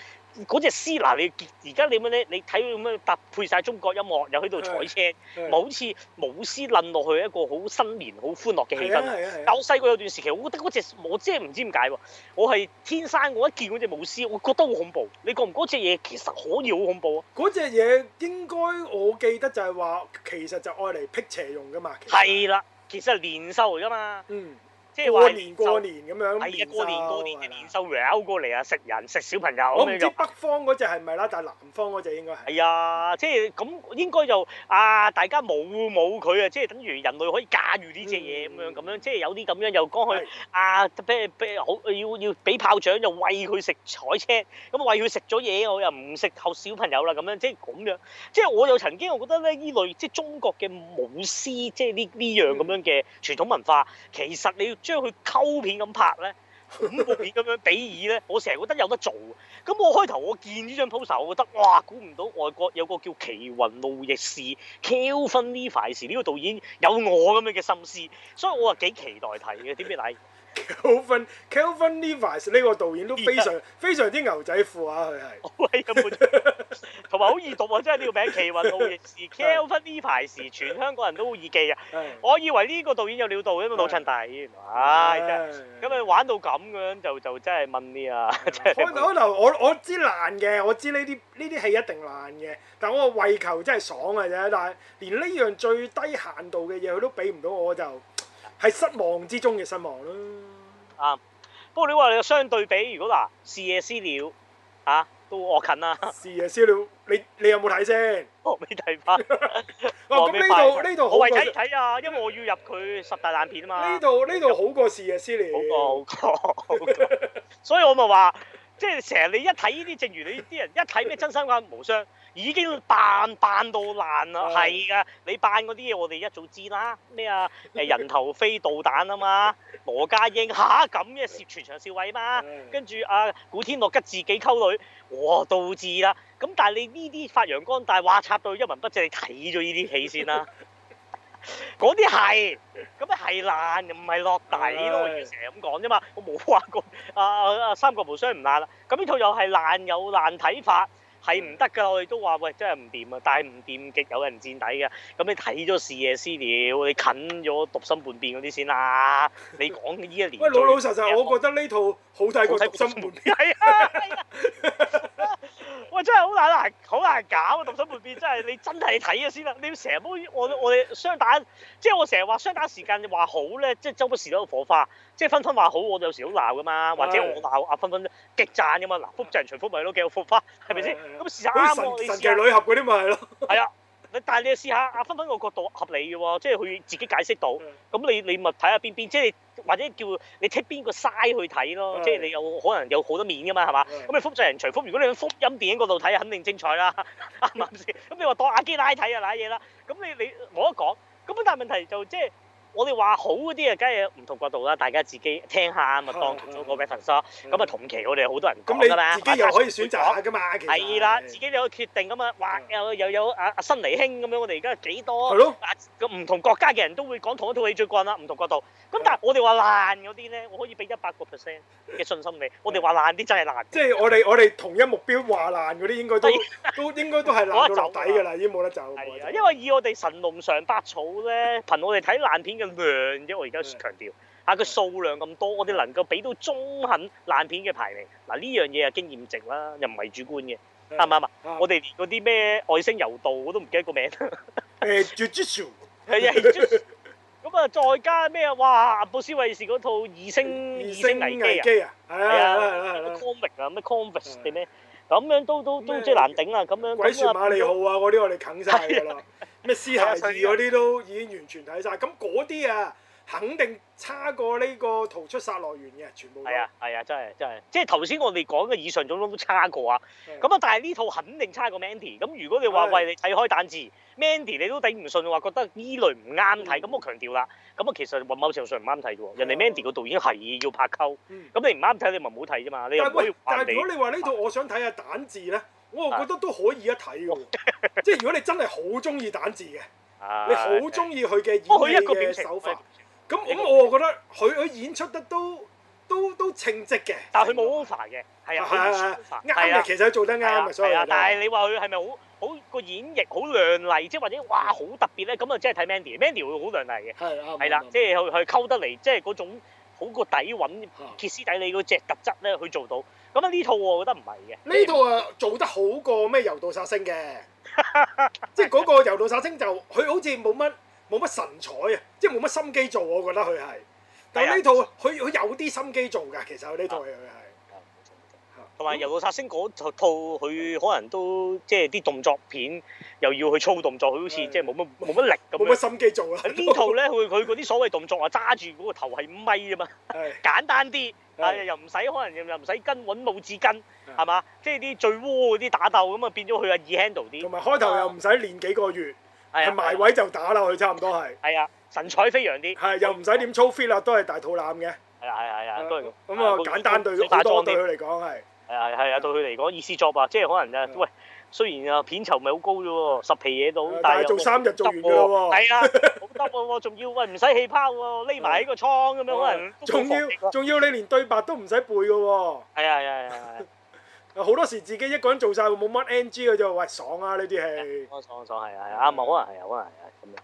嗰隻獅嗱，你而家你咁咧，你睇佢咁樣搭配晒中國音樂，又喺度踩車，好似舞獅撚落去一個好新年好歡樂嘅氣氛。係我細個有段時期，我覺得嗰隻我真係唔知點解喎，我係天生我一見嗰隻舞獅，我覺得好恐怖。你覺唔覺嗰隻嘢其實可以好恐怖啊？嗰隻嘢應該我記得就係話，其實就愛嚟辟邪用噶嘛。係啦，其實係年獸嚟噶嘛。嗯。即係話，過年過年咁樣，年獸，過年，年過年嘅年獸，過嚟啊！食人食小朋友。我唔知北方嗰隻係唔係啦，但係南方嗰隻應該係。係、哎、啊，即係咁應該就啊，大家冇冇佢啊！即係等於人類可以駕馭呢隻嘢咁樣咁樣，即係有啲咁樣又講佢啊，咩咩好要要俾炮仗又喂佢食彩車，咁喂佢食咗嘢，我又唔食後小朋友啦咁樣，即係咁樣。即係我又曾經，我覺得咧呢類即係中國嘅舞獅，即係呢呢樣咁樣嘅傳統文化，其實你要。將佢溝片咁拍咧，五部片咁樣比爾咧，我成日覺得有得做。咁我開頭我見呢張 poster，我覺得哇，估唔到外國有個叫奇雲路易士 （Kevin Lewis） 呢個導演有我咁樣嘅心思，所以我話幾期待睇嘅。點樣睇？Kelvin，Kelvin Levis 呢個導演都非常、yeah. 非常啲牛仔褲啊，佢係，同埋好易讀啊！真係呢個名奇怪，杜 亦而士 Kelvin Levis， 全香港人都好易記啊！Yeah. 我以為呢個導演有料到，因、yeah. 為老襯底，唉、yeah. yeah. 真咁啊、yeah. 玩到咁咁樣就就真係問啲啊！Yeah. 我嗰頭我我知爛嘅，我知呢啲呢啲戲一定爛嘅，但係我為求真係爽嘅啫，但係連呢樣最低限度嘅嘢佢都俾唔到我就。喺失望之中嘅失望啦、啊。啊，不過你話你相對比，如果嗱《獅夜私了》啊，都惡近啦、啊。《獅夜私了》，你你有冇睇先？哦，未 睇。哇，咁呢度呢度好睇睇啊，因為我要入佢十大爛片啊嘛。呢度呢度好過《獅夜私了》。好過好過。 所以我咪話。即係成日你一睇呢啲，正如你啲人一睇咩《真三國無雙》，已經扮扮到爛啦，係噶。你扮嗰啲嘢，我哋一早知啦。咩啊？誒，人頭飛導彈啊嘛，羅家英嚇咁嘅涉全場少尉嘛，跟住阿古天樂吉自己溝女，我都知啦。咁但係你呢啲發揚光大，話插到一文不值，你睇咗呢啲戲先啦。嗰啲係，咁啊係爛，唔係落底咯，成日咁講啫嘛。我冇話過，啊三國無雙唔爛啦。咁呢套又係爛，有爛睇法，係唔得㗎。我哋都話喂，真係唔掂啊。但係唔掂極有人墊底嘅。咁你睇咗視野私了，你近咗《讀、哎、心叛變》嗰啲先啦。你講呢一年，老老實實，我覺得呢套好睇過《讀心叛變。》 啊。 喂，真係好難難，好難搞啊！《讀心叛變》真係你真係睇咗先啦，你要成日都我我哋雙打，即係我成日話雙打時間你話好咧，即係周不時都有火花，即係分分話好，我哋有時好鬧噶嘛，或者我鬧啊，分分激讚噶嘛，嗱復就人隨復咪都幾有火花，係咪先？咁事實啱啊！神神奇女俠嗰啲咪係咯。係啊。但係你要試下阿分分個角度合理嘅喎，即係佢自己解釋到。咁你你咪睇下邊邊，即係或者叫你睇邊個嘥去睇咯。即係你有可能有好多面噶嘛，係嘛？咁你複製人隨複，如果你響福音電影嗰度睇，肯定精彩啦，啱唔啱先？咁 你話當阿基拉睇啊，瀨嘢啦。咁你你我一講，咁但係問題就即、是、係。我哋話好啲啊，梗係唔同角度啦，大家自己聽一下啊、嗯嗯、嘛，當做個咩 f a 咁啊同期我哋好多人講啦咩，自己又可以選擇㗎嘛，係啦，自己有決定咁啊，哇、嗯、又有阿阿辛尼兄咁樣，我哋而家幾多？係咯，唔、啊、同國家嘅人都會講同一套戲最慣啦，唔同角度。咁但係我哋話爛嗰啲咧，我可以俾一百個 percent 嘅信心你。我哋話爛啲真係爛。即 係 我哋我哋同一目標話爛嗰啲應該都 應該都應該都係爛到落地㗎啦， 已經冇得走，係啊，因為以我哋神農嘗百草咧，憑 我哋睇爛片嘅。量啫，我而家強調嚇，佢數量咁多，的我哋能夠俾到中肯爛片嘅排名，嗱呢樣嘢係經驗值啦，又唔係主觀嘅，啱唔啱啊？我哋連嗰啲咩外星遊盜我都唔記得個名。誒，Judge，咁啊，再、呃、加咩啊？哇！布斯維士嗰套異星異星，星危機啊，係啊，咩 Comic 啊，咩 c o n v i c s 定咩？咁樣都都都最難頂啊！咁樣鬼船馬利號啊，嗰啲我哋啃晒。㗎、啊、啦。啊啊啊啊咩、啊《師奶二》嗰啲、啊、都已經完全睇晒，咁嗰啲啊肯定差過呢個《屠出殺樂園》嘅，全部。係啊，係啊，真係真係，即係頭先我哋講嘅以上種種都差過啊。咁啊，但係呢套肯定差過 Mandy、啊。咁如果你話喂你睇開彈字、啊、，Mandy 你都頂唔順，話覺得依類唔啱睇，咁、嗯、我強調啦，咁啊其實某程度上唔啱睇嘅喎。人哋 Mandy 度已經係要拍溝，咁、嗯、你唔啱睇你咪唔好睇啫嘛，你又唔但係如果你話呢套我想睇下蛋字咧？我覺得都可以一睇嘅，即係如果你真係好中意蛋治嘅，你好中意佢嘅演技嘅手法，咁咁我又覺得佢佢演出得都都都稱職嘅。但係佢冇 over 嘅，係啊，係啊，啱啊，其實佢做得啱啊，所以佢係、啊係啊、但係你話佢係咪好好個演繹好亮麗，即係或者哇好特別咧？咁啊，真係睇 Mandy，Mandy 會好亮麗嘅，係啦、啊，即係佢去溝得嚟，即係嗰種。好、那個底蘊，歇斯底里嗰隻特質咧，去做到。咁啊呢套我覺得唔係嘅。呢套啊做得好過咩？柔道殺星嘅， 即係嗰個柔道殺星就佢好似冇乜冇乜神采啊，即係冇乜心機做，我覺得佢係。但係呢套佢佢 有啲心機做㗎，其實佢呢套係。 同埋《遊到殺星》嗰套，佢可能都即係啲動作片，又要去操動作，佢好似即係冇乜冇乜力咁。冇乜心機做啊！套呢套咧，佢佢嗰啲所謂動作啊，揸住嗰個頭係五米啊嘛，簡單啲，啊又唔使可能又唔使跟揾武指跟，係嘛？即係啲最窩嗰啲打鬥咁啊，咪變咗佢啊易 handle 啲。同埋開頭又唔使練幾個月，係、哎、埋位就打啦，佢差唔多係。係、哎、啊，神采飛揚啲。係又唔使點操 fit 啦，都係大肚腩嘅。係係啊，都係咁。咁、哎、啊，簡單對好多對佢嚟講係。哎係啊係啊，對佢嚟講，意思作吧、啊，即係可能啊。喂，雖然啊片酬唔係好高啫、啊，十皮嘢到，但係做三日做完噶喎、哦。係啊，好得喎，仲要喂唔使氣泡喎，匿埋喺個倉咁樣可能。仲要仲要，要你連對白都唔使背噶喎、哦。係係係係，好、啊啊、 多時自己一個人做晒，冇乜 NG 嘅啫。喂，爽啊呢啲戲。爽爽係啊，啱啊可能係啊，可能係咁樣。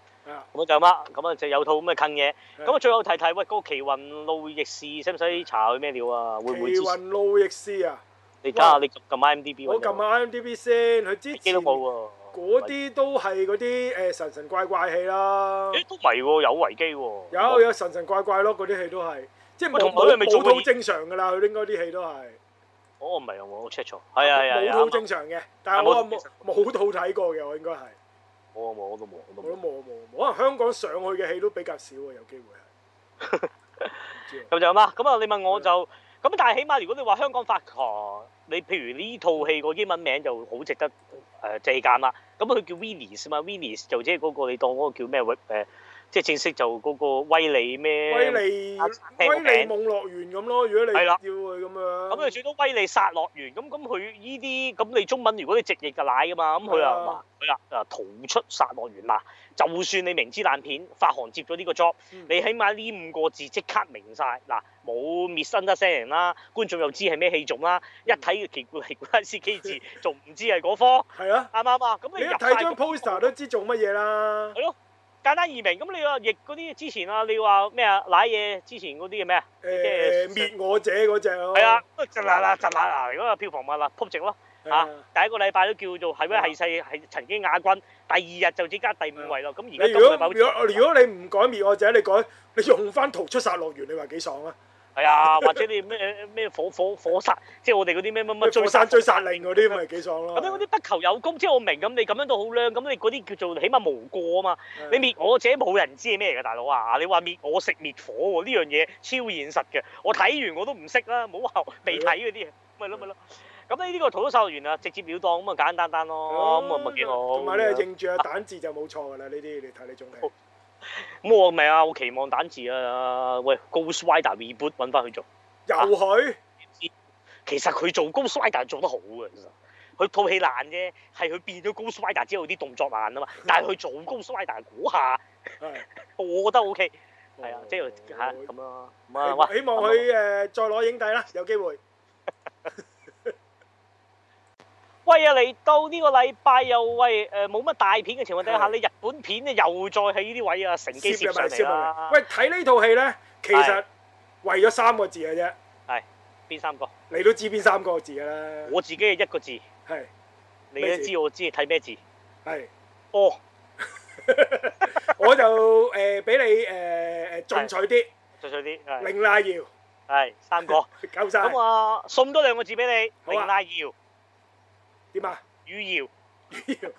咁就乜咁啊？啊啊啊啊啊啊啊啊啊就有套咁嘅坑嘢？咁啊，最後提提喂，嗰、那個奇雲路易士使唔使查佢咩料啊？會唔會？奇雲路易士啊！你睇下你撳撳埋 IMDB 我撳埋 IMDB 先，佢之前基都冇喎。嗰啲都係嗰啲誒神神怪怪戲啦。誒都唔係喎，有維基喎。有有神神怪怪咯，嗰啲戲都係。即係冇冇冇套正常㗎啦，佢應該啲戲都係。哦，唔係啊，我 check 錯。係啊，係啊。冇套正常嘅，但係我冇冇冇套睇過嘅，我應該係。我冇，我都冇。我都冇，我都冇。可能香港上去嘅戲都比較少喎，有機會係。唔知。咁就咁啦。咁啊，你問我就。咁但係起碼如果你話香港發狂，你譬如呢套戲個英文名就好值得誒、呃、借鑑啦。咁佢叫 Venus 嘛，Venus 就即係嗰個你當嗰個叫咩？誒、呃即係正式就嗰個威利咩、啊？威利威利夢樂園咁咯，如果你叫佢咁樣咁啊，最多威利殺樂園咁咁佢依啲咁你中文如果你直譯就奶噶嘛，咁佢啊嗱啦啊屠出殺樂園啦，就算你明知爛片，發行接咗呢個 job，、嗯、你起碼呢五個字即刻明曬，嗱冇滅身得聲人啦，觀眾又知係咩戲種啦、嗯，一睇其餘係嗰啲 sk 字，仲 唔知係嗰方？係啊，啱唔啱啊？咁你睇張 poster 都知做乜嘢啦？係咯。簡單易明，咁你話逆嗰啲之前啊，你話咩啊，瀨嘢之前嗰啲嘅咩啊？滅我者嗰隻。係啊。嗱啦，嗱嗱嗱嚟講票房咪話撲直咯吓，第一個禮拜都叫做係咩係世曾經亞軍，第二日就只加第五位咯。咁而家如果如果，如果你唔改滅我者，你改你用翻屠出殺樂園，你話幾爽啊？係啊，或者你咩咩火火火，火殺，即係我哋嗰啲咩乜乜追殺追殺，殺令嗰啲，咪幾爽咯。嗰啲不求有功，即係我明咁你咁樣都好靚，咁你嗰啲叫做起碼無過啊嘛。你滅我者冇人知係咩嚟嘅，大佬啊！你話滅我食滅火喎，呢樣嘢超現實嘅。我睇完我都唔識啦，唔好話未睇嗰啲，咪咯咪咯。咁呢呢個圖都秀完啦，直接了當咁啊，簡簡單單咯，咁啊咪幾好。同埋咧，認住啊，蛋字就冇錯㗎啦，呢、啊、啲你睇你仲。你冇咪啊！我期望單詞啊，喂 Ghost Rider reboot 揾翻去做，又佢、啊？其實佢做 Ghost Rider 做得好嘅，其實佢套戲爛啫，係佢變咗 Ghost Rider 之後啲動作爛啊嘛。但係佢做 Ghost Rider 嗰下， 我覺得 O、OK、K。係 啊、 嗯，即係吓咁樣。希望佢誒再攞影帝啦，有機會。喂啊！嚟到呢個禮拜又喂誒，冇乜大片嘅情況底下，你日本片啊又再喺呢啲位啊，乘機接上嚟喂，睇呢套戲咧，其實為咗三個字嘅啫。係邊三個？你都知邊三個字㗎啦。我自己係一個字係。你知我知你睇咩字？係哦 我就誒俾、呃、你誒誒盡取啲，盡取啲。零拉搖係三個。九 三。咁我送多兩個字俾你，零拉搖。點啊？ 余姚，余姚，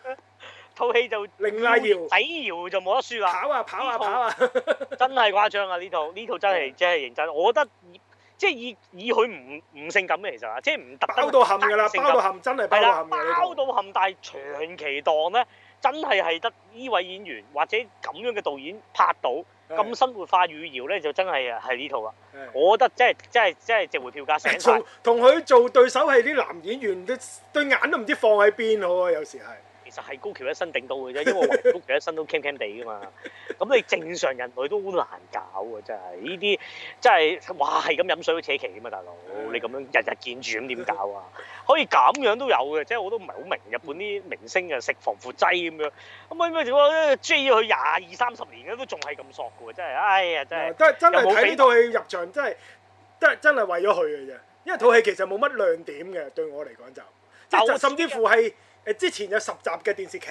套戲就另拉搖，底搖就冇得輸啦。跑啊跑啊跑啊！真係誇張啊！呢套呢套真係、嗯、真係認真。我覺得，即係以以佢唔唔性感嘅其實啊，即係唔得。突出到冚噶啦，包到冚真係包到冚。係啦，包到冚、啊，但係長期檔咧，真係係得呢位演員或者咁樣嘅導演拍到。咁生活化語彙咧就真係係呢套啦，我覺得真係真係真係值回票價成曬，同佢做對手係啲男演員，對眼都唔知放喺邊好啊，有時係。就係高橋一生頂到嘅啫，因為維谷嘅一生都傾傾哋噶嘛。咁 你正常人類都好難搞嘅，真係，呢啲真係話係咁飲水都扯旗噶嘛，大佬你咁樣日日見住咁點搞啊？可以咁樣都有嘅，即係我都唔係好明日本啲明星啊食防腐劑咁樣。咁咪我點解追咗佢廿二三十年嘅都仲係咁索嘅？真係，哎呀真係。都、嗯、係真係睇呢套戲入場，真係真真係為咗佢嘅啫。因為套戲其實冇乜亮點嘅，對我嚟講就甚至乎係。 誒、之前有十集嘅電視劇，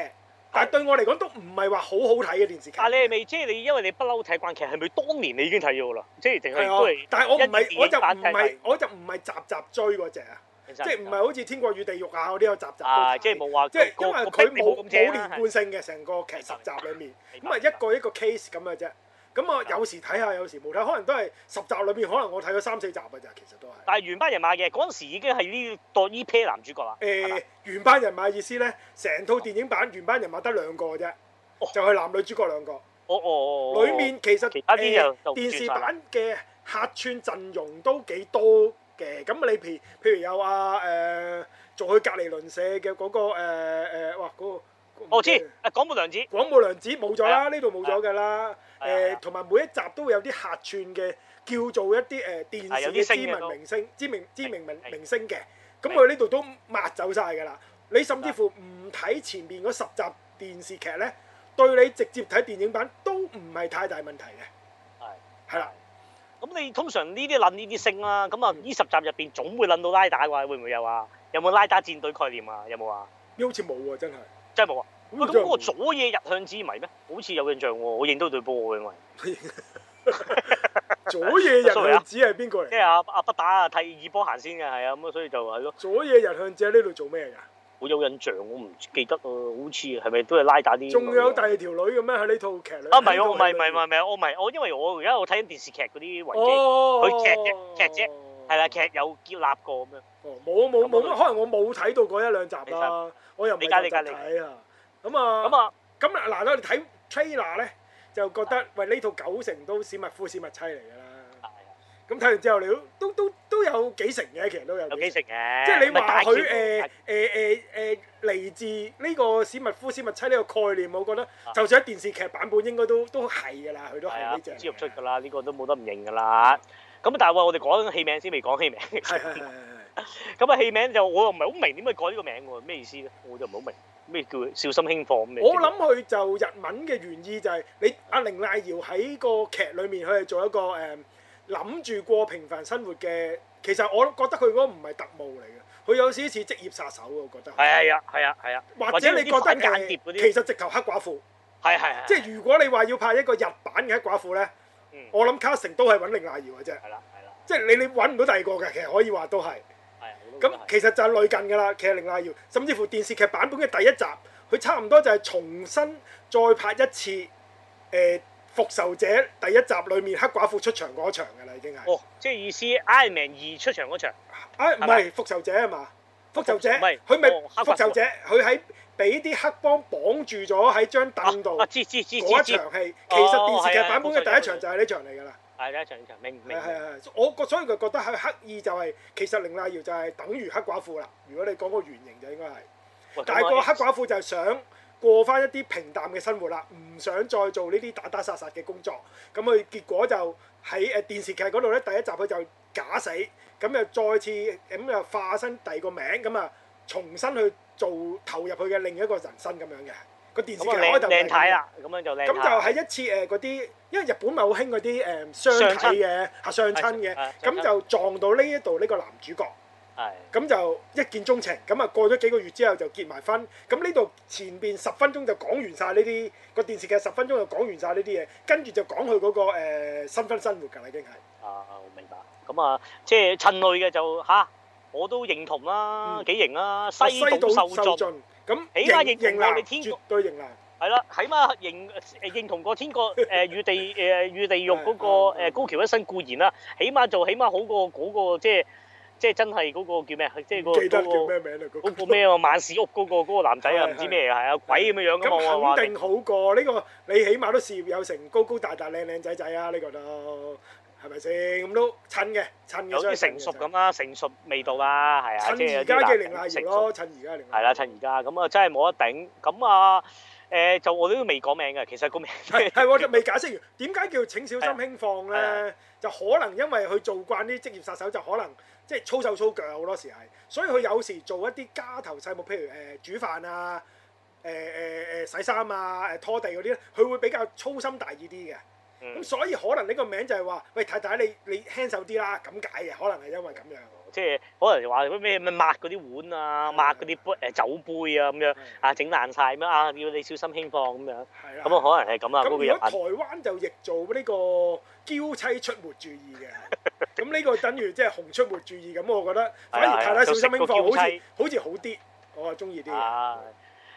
但係對我嚟講都唔係話好好睇嘅電視劇。但你係咪？即係你，因為你不嬲睇慣劇，係咪當年你已經睇咗啦？即係定係但係我唔係，我就唔係，我就唔係集集追嗰隻啊！即係唔係好似《天國與地獄》啊嗰啲有集集追。即係冇話，即係因為佢冇冇連貫性嘅成個劇十集裏面，咁啊一個一個 case 咁嘅啫。咁啊，有時睇下，有時冇睇，可能都係十集裏面，可能我睇咗三四集嘅咋，其實都係。但係原班人馬嘅，嗰陣時已經係呢當呢批男主角啦。誒、欸，原班人馬意思咧，成套電影版原班人馬得兩個嘅啫、哦，就係男女主角兩個。哦哦，哦裏裏面其實誒、欸、電視版嘅客串陣容都幾多嘅，咁你譬如譬如有阿、啊、誒、呃、做佢隔離鄰舍嘅嗰、那個誒、呃呃、哇嗰我、那個哦、知，誒廣末涼子。廣末涼子冇咗啦，呢度冇咗嘅啦。啊誒、呃，同埋每一集都會有啲客串嘅，叫做一啲誒、呃、電視嘅知名星明星、知名知名明明星嘅。咁我呢度都抹走晒㗎啦。你甚至乎唔睇前面嗰十集電視劇咧，對你直接睇電影版都唔係太大問題嘅。係，係啦。咁你通常呢啲諗呢啲星啦、啊，咁啊呢十集入邊總會諗到拉打㗎喎，會唔會有啊？有冇拉打戰隊概念啊？有冇啊？你好似冇喎，真係。真係冇啊！咁、那、嗰個左野日向子迷咩？好似有印象喎，我認到對波嘅咪。因為 左野日向子係邊個嚟？即係阿阿北打替二波行先嘅，係啊咁啊，所以就係咯。左野日向子喺呢度做咩㗎？我有印象，我唔記得像是不是是啊，好似係咪都係拉打啲。仲有第二條女嘅咩？喺呢套劇裏啊唔係喎，唔係唔係唔係我唔係我，我，因為我而家我睇緊電視劇嗰啲維基，佢、哦、劇啫劇啫，係啦劇，劇，劇，劇，劇，劇有結納過咁樣。哦，冇冇冇，可能我冇睇到嗰一兩集啦，我又冇睇啊。咁啊！咁啊！咁啊！嗱，我哋睇 trailer 咧，就覺得喂呢套九成都史密夫史密妻嚟噶啦。咁睇完之後，你都都都都有幾成嘅，其實都有。有幾成嘅。即係你話佢誒誒誒誒嚟自呢個史密夫史密妻呢個概念，我覺得就算喺電視劇版本，應該都都係噶啦，佢都係呢隻，知入出噶啦，呢個都冇得唔認噶啦。咁但係喎，我哋講戲名先，未講戲名。咁 啊，戲名就我又唔係好明點解改呢個名喎？咩意思咧？我就唔好明。咩叫小心輕放？我諗佢就日文嘅原意就係你阿、嗯啊、綾瀨遙喺個劇裏面佢係做一個誒諗住過平凡生活嘅。其實我覺得佢嗰個唔係特務嚟嘅，佢有少少似職業殺手。我覺得係係啊，係啊，係啊，啊。或者，或者你覺得、呃、其實直頭黑寡婦係係，即係、啊啊啊就是、如果你話要拍一個日版嘅黑寡婦咧、嗯，我諗 casting 都係揾綾瀨遙嘅啫。係啦係啦，即係、啊就是、你你揾唔到第二個嘅，其實可以話都係。咁其實就係類近㗎啦，其實凌麗瑤，甚至乎電視劇版本嘅第一集，佢差唔多就係重新再拍一次誒、呃、復仇者第一集裡面黑寡婦出場嗰場㗎啦，已經係。哦，即係意思 Iron Man 二出場嗰場。啊，唔係復仇者係嘛？復仇者，佢、啊、咪復、哦、復仇者？佢喺俾啲黑幫綁住咗喺張凳度嗰場戲、啊，其實電視劇版本嘅第、哦啊、第一場就係呢場嚟㗎啦。係啦，長長明唔明。係係係，我個所以就覺得佢刻意就係、是，其實凌麗瑤就係等於黑寡婦啦。如果你講個原型就應該係，但係個黑寡婦就係想過翻一啲平淡嘅生活啦，唔想再做呢啲打打殺殺嘅工作。咁佢結果就喺誒電視劇嗰度咧，第一集佢就假死，咁又再次咁又化身第二個名，咁啊重新去做投入佢嘅另一個人生咁樣嘅。個電視劇我就靚睇啦，咁樣就靚睇。咁就喺一次誒嗰啲，因為日本咪好興嗰啲誒相睇嘅嚇相親嘅，咁、啊啊、就撞到呢一度呢個男主角。係。咁就一見鍾情，咁啊過咗幾個月之後就結埋婚。咁呢度前邊十分鐘就講完晒呢啲，個電視劇十分鐘就講完晒呢啲嘢，跟住就講佢嗰、那個、啊、新婚生活㗎，已經係。啊，我明白。咁啊，即係襯女嘅就吓、啊，我都認同啦，幾型啊，西島秀俊。咁起碼型，型男啦，絕對型男啦。係啦，起碼認認同過天國誒，與地誒，與地獄嗰個誒高橋一生固然啦，起碼就起碼好過嗰個即係即係真係嗰個叫咩啊？即係個叫咩名嗰個咩啊？萬事屋嗰個嗰個男仔啊，唔知咩啊，係啊，鬼咁嘅樣咁啊嘛。咁肯定好過呢個，你起碼都事業有成，高高大大，靚靚仔仔啊，呢個都。係咪先？咁都襯嘅，襯嘅。有啲成熟咁啦，成熟味道啦，係啊。襯而家嘅零下二咯，襯而家零下。係啦，襯而家咁啊，真係冇得頂。咁啊，誒就我都未講名嘅，其實個名。係係喎，就未解釋完。點解叫請小心輕放咧？就可能因為佢做慣啲職業殺手，就可能即係粗手粗腳好多時係。所以佢有時做一啲家頭細務，譬如誒煮飯啊、誒誒誒洗衫啊、誒拖地嗰啲咧，佢會比較粗心大意啲嘅。咁、嗯、所以可能呢個名就係話喂，太太你，你你輕手啲啦，咁解嘅。可能係因為咁樣，即係可能話咩咩抹嗰啲碗啊，抹嗰啲杯誒酒杯啊咁樣啊，整爛曬咁啊，要你小心輕放咁樣，係咁啊，可能係咁啊，嗰個台灣就譯做呢、呢個嬌妻出沒注意嘅，咁 呢個等於即係熊出沒注意咁，我覺得反而太太小心輕放好似好似好啲，我啊中意啲。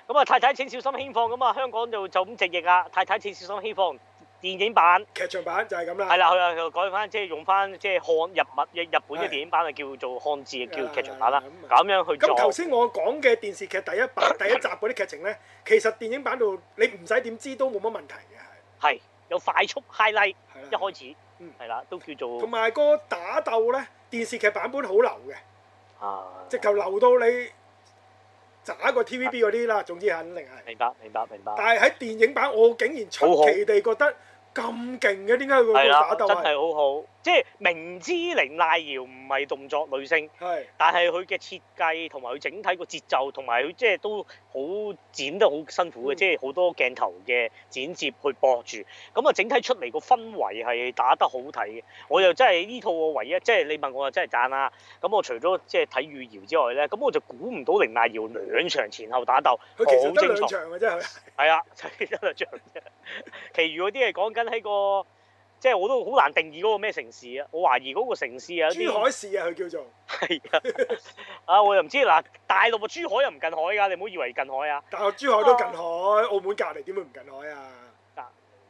咁啊，太太請小心輕放咁啊，香港就就咁直譯啊，太太請小心輕放。電影版、劇場版就係咁啦，係啦，又改翻，即係用翻，即係漢日文、日日本嘅電影版啊，叫做漢字，叫劇場版啦，咁樣去做。咁頭先我講嘅電視劇第一集、第一集嗰啲劇情咧，其實電影版度你唔使點知都冇乜問題嘅，係。係，有快速 highlight，係啦，一開始，嗯，係啦，都叫做。同埋個打鬥咧，電視劇版本好流嘅，直頭流到你。渣個 TVB 啲啦，總之肯定係。明白，明白，明白。但係喺電影版，我竟然出奇地覺得咁勁嘅，點解會咁打鬥啊？係好好。即係明知凌瀨瑤唔係動作女性，係，但係佢嘅設計同埋佢整體個節奏同埋佢即係都好剪得好辛苦嘅、嗯，即係好多鏡頭嘅剪接去搏住。咁啊，整體出嚟個氛圍係打得好睇嘅。我又真係呢套我唯一即係你問我真啊，真係讚啊。咁我除咗即係睇雨瑤之外咧，咁我就估唔到凌瀨瑤兩場前後打鬥，好正常，得、就係、兩場嘅啫，係啊，得兩場啫。其餘嗰啲係講緊喺個。即係我都好難定義嗰個咩城市啊！我懷疑嗰個城市啊，珠海市啊，佢叫做係啊！啊，我又唔知嗱，大陸啊，珠海又唔近海㗎，你唔好以為近海啊！大陸珠海都近海，啊、澳門隔離點會唔近海啊？隔離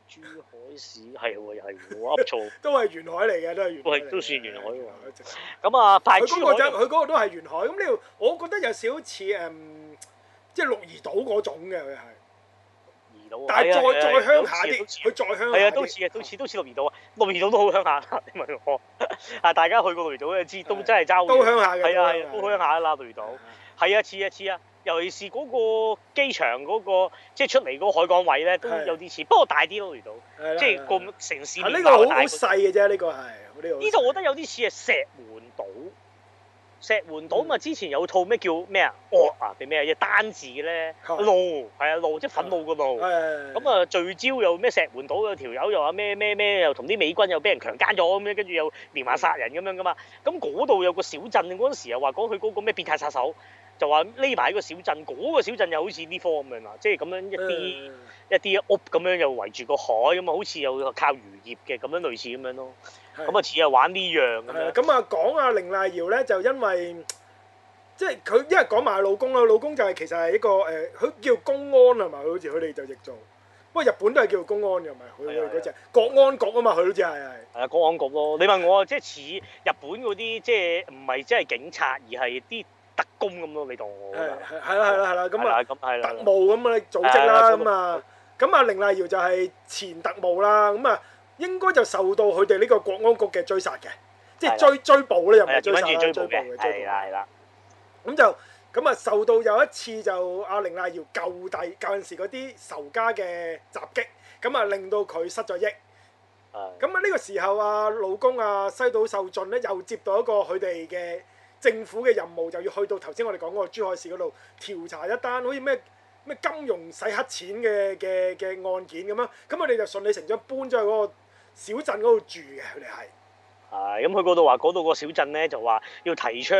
珠海市係喎，又係喎，冇噏錯，都係沿海嚟嘅，都係沿海，都算沿海。咁啊，排珠海，佢嗰個，個都係沿海。咁呢？我覺得有少少似誒，即、嗯、係、就是、鹿兒島嗰種嘅，佢係。但係再、啊、再鄉下啲，佢再鄉下。係啊，嗯、都似啊，都似都似鹿兒島啊，鹿兒島都好鄉下啦。你問我，啊，大家去過鹿兒島嘅，知都真係揸好。都鄉下嘅，係啊，都鄉下啦鹿兒島。係啊，似啊，似啊，尤其是嗰個機場嗰、那個，即、就、係、是、出嚟嗰個海港位咧，都有啲似，不過大啲咯鹿兒島，即係咁城市呢、啊這個好細嘅啫，呢、這個係呢度。呢、這、度、個這個，我覺得有啲似係石門島。石門島啊，之前有套咩叫咩、哦、啊？惡啊定咩啊？一單字咧，怒係啊怒，即憤怒嗰怒。咁、哎、啊、哎哎哎，聚焦又咩石門島，有個條友又話咩咩咩，又同啲美軍又俾人強姦咗咁咧，跟住又連環殺人咁樣㗎嘛。咁嗰度有個小鎮，嗰陣時又話講佢嗰個咩變態殺手，就話匿埋喺個小鎮，嗰、那個小鎮又好似呢方咁樣嘛，即係咁樣一啲、哎、一啲屋咁樣又圍住個海咁啊，好似又靠漁業嘅咁樣，類似咁樣咯。咁、哎、啊，似係玩呢樣咁樣。咁啊，講阿凌麗瑤咧，就因為即係佢，因為講埋老公啦，老公就係其實係一個誒，佢、呃、叫公安係咪？好似佢哋就亦做。不過日本都係叫公安嘅嘛，佢佢嗰隻國安局啊嘛，佢好似係係。係啊，國安局咯。你問我即係似日本嗰啲，即係唔係即係警察，而係啲。特工咁咯，你當我係，係啦係啦係啦，咁啊，特務咁嘅組織啦。咁啊，咁啊凌麗瑤就係前特務啦，咁啊應該就受到佢哋呢個國安局嘅追殺嘅，即係追追捕咧，又唔係追殺啦，追捕嘅追捕。係啦係啦，咁就咁啊，受到有一次就阿凌麗瑤救帝，嗰陣時嗰啲仇家嘅襲擊，咁啊令到佢失咗憶。啊。咁啊呢個時候阿老公阿西島受盡咧，又接到一個佢哋嘅。政府嘅任務就要去到頭先我哋講嗰個珠海市嗰度調查一單，好似咩咩金融洗黑錢嘅嘅嘅案件咁啊，咁啊，我哋就順理成章搬咗去嗰個小鎮嗰度住嘅，佢哋係。係、啊，咁佢嗰度話嗰度個小鎮咧就話要提倡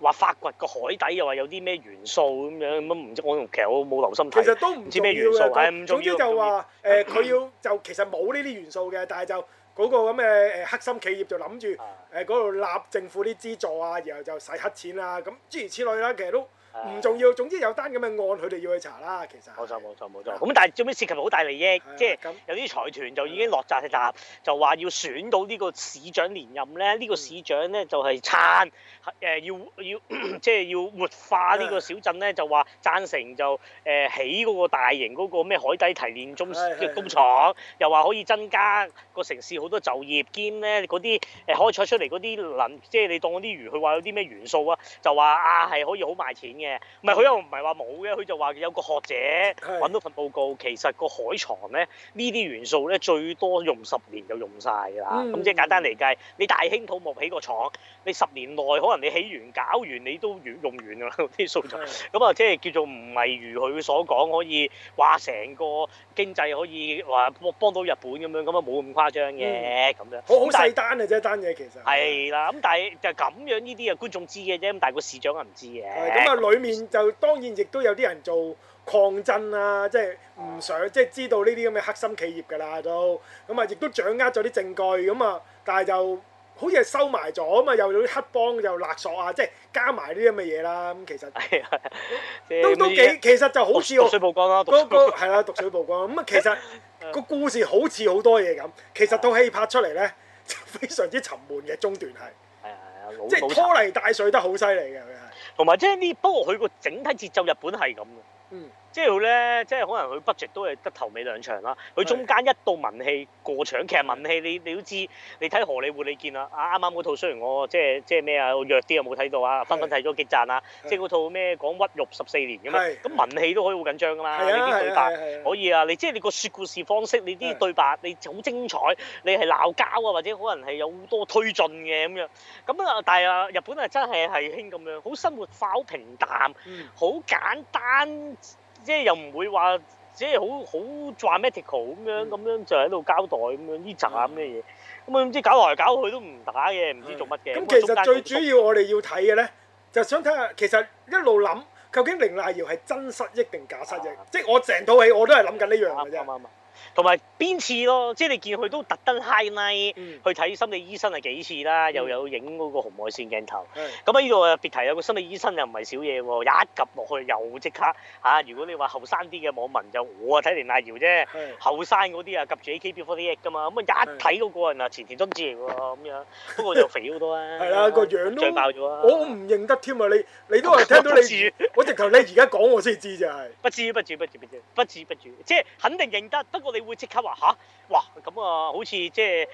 話發掘個海底又話有啲咩元素咁樣，咁唔知我同其實我冇留心睇。其實都唔知重要咩元素啊、哎重要。總之就話誒，佢要，呃、要就其實冇呢啲元素嘅，但係就。嗰個咁嘅黑心企業就諗住嗰度立政府啲資助啊，然後就使黑錢啦，咁諸如此類啦，其實都～唔重要，總之有單咁嘅案，佢哋要去查啦。其實冇錯，冇錯，冇錯。咁但係做咩涉及好大利益，即係、啊就是、有啲財團就已經落閘、啊，就話要選到呢個市長連任咧。呢、嗯這個市長咧就係、是、撐，呃、要要即係、 就是、要活化呢個小鎮咧、啊，就話贊成就起嗰、呃、個大型嗰個咩海底提煉中嘅工廠，啊啊啊、又話可以增加個城市好多就業，兼咧嗰啲誒開採出嚟嗰啲能，即、就、係、是、你當嗰啲魚，佢話有啲咩元素啊？就話啊係可以好賣錢嘅。唔係佢又唔係話冇嘅，佢就話有個學者揾到份報告，其實個海床咧呢啲元素咧最多用十年就用曬㗎啦。咁、嗯、即係簡單嚟計、嗯，你大興土木起個廠，你十年內可能你起完搞完你都用完㗎啦啲素材。咁啊即係叫做唔係如佢所講，可以話成個經濟可以話幫到日本咁樣，咁啊冇咁誇張嘅咁、嗯嗯、好細單嘅啫單嘢其實。係啦，咁但係就咁樣呢啲啊觀眾知嘅啫，咁但係個市長啊唔知嘅。咁啊，女。裏面就當然亦都有啲人做抗爭啦、啊，即係唔想即係、就是、知道呢啲咁嘅黑心企業㗎啦都。咁啊，亦都掌握咗啲證據咁啊，但係就好似係收埋咗咁啊又有啲黑幫又勒索啊，即、就、係、是、加埋呢啲咁嘅嘢啦。咁其實、哎、都都幾其實就好似我嗰個係啦，毒水曝光咁啊。那個啊那個、 其實、哎那個故事好似好多嘢咁、哎，其實套戲拍出嚟咧就非常之沉悶嘅中段係。係啊係啊，即係、就是、拖泥帶水得好犀利嘅。同埋即係呢，波，佢個整體節奏日本係咁嘅。嗯即係佢咧，即係可能佢 budget 都係得頭尾兩場啦。佢中間一到文戲過場，其實文戲你你都知，你睇荷里活你見啦。啊啱啱嗰套雖然我即係即係咩啊弱啲啊冇睇到啊，分分睇咗幾讚啊。即係嗰套咩講屈辱十四年咁嘛。咁文戲都可以好緊張噶嘛，呢啲對白可以啊。你即係你個說故事方式，你啲對白你好精彩，你係鬧交啊，或者可能係有好多推進嘅咁樣、啊、樣。咁啊，但係啊日本啊真係係興咁樣，好生活化，好平淡，好、嗯、簡單。即係又唔會話，即係好好 dramatical 咁樣咁、嗯、樣就喺度交代咁樣呢集嘅嘢。咁啊唔知搞嚟搞去都唔打嘅，唔、嗯、知做乜嘅。咁其實最主要我哋要睇嘅咧，嗯、就想睇下其實一路諗究竟凌立瑤係真失憶定假失憶？即、啊、係、就是、我成套戲我都係諗緊呢樣嘅啫。啊啊啊啊同埋邊次咯，即係你見佢都特登 highlight 去睇心理醫生係幾次啦、嗯，又有影嗰個紅外線鏡頭。咁喺呢度啊別提有個心理醫生又唔係少嘢喎，一及落去又即刻嚇。如果你話後生啲嘅網民就我啊睇黎娜瑤啫，後生嗰啲啊及住 AKB48 噶嘛，咁、嗯、啊、嗯嗯、一睇嗰個人啊前田敦子喎咁 樣，不過就肥好多啦、啊，係啦個樣都最爆咗啊！我唔認得添啊，你你都係聽到你，我，我直頭你而家講我先知就係 不知不知不知不知不知，不知，不知，不知即係肯定認得，不。你會即刻話吓？哇咁啊，好似即係誒誒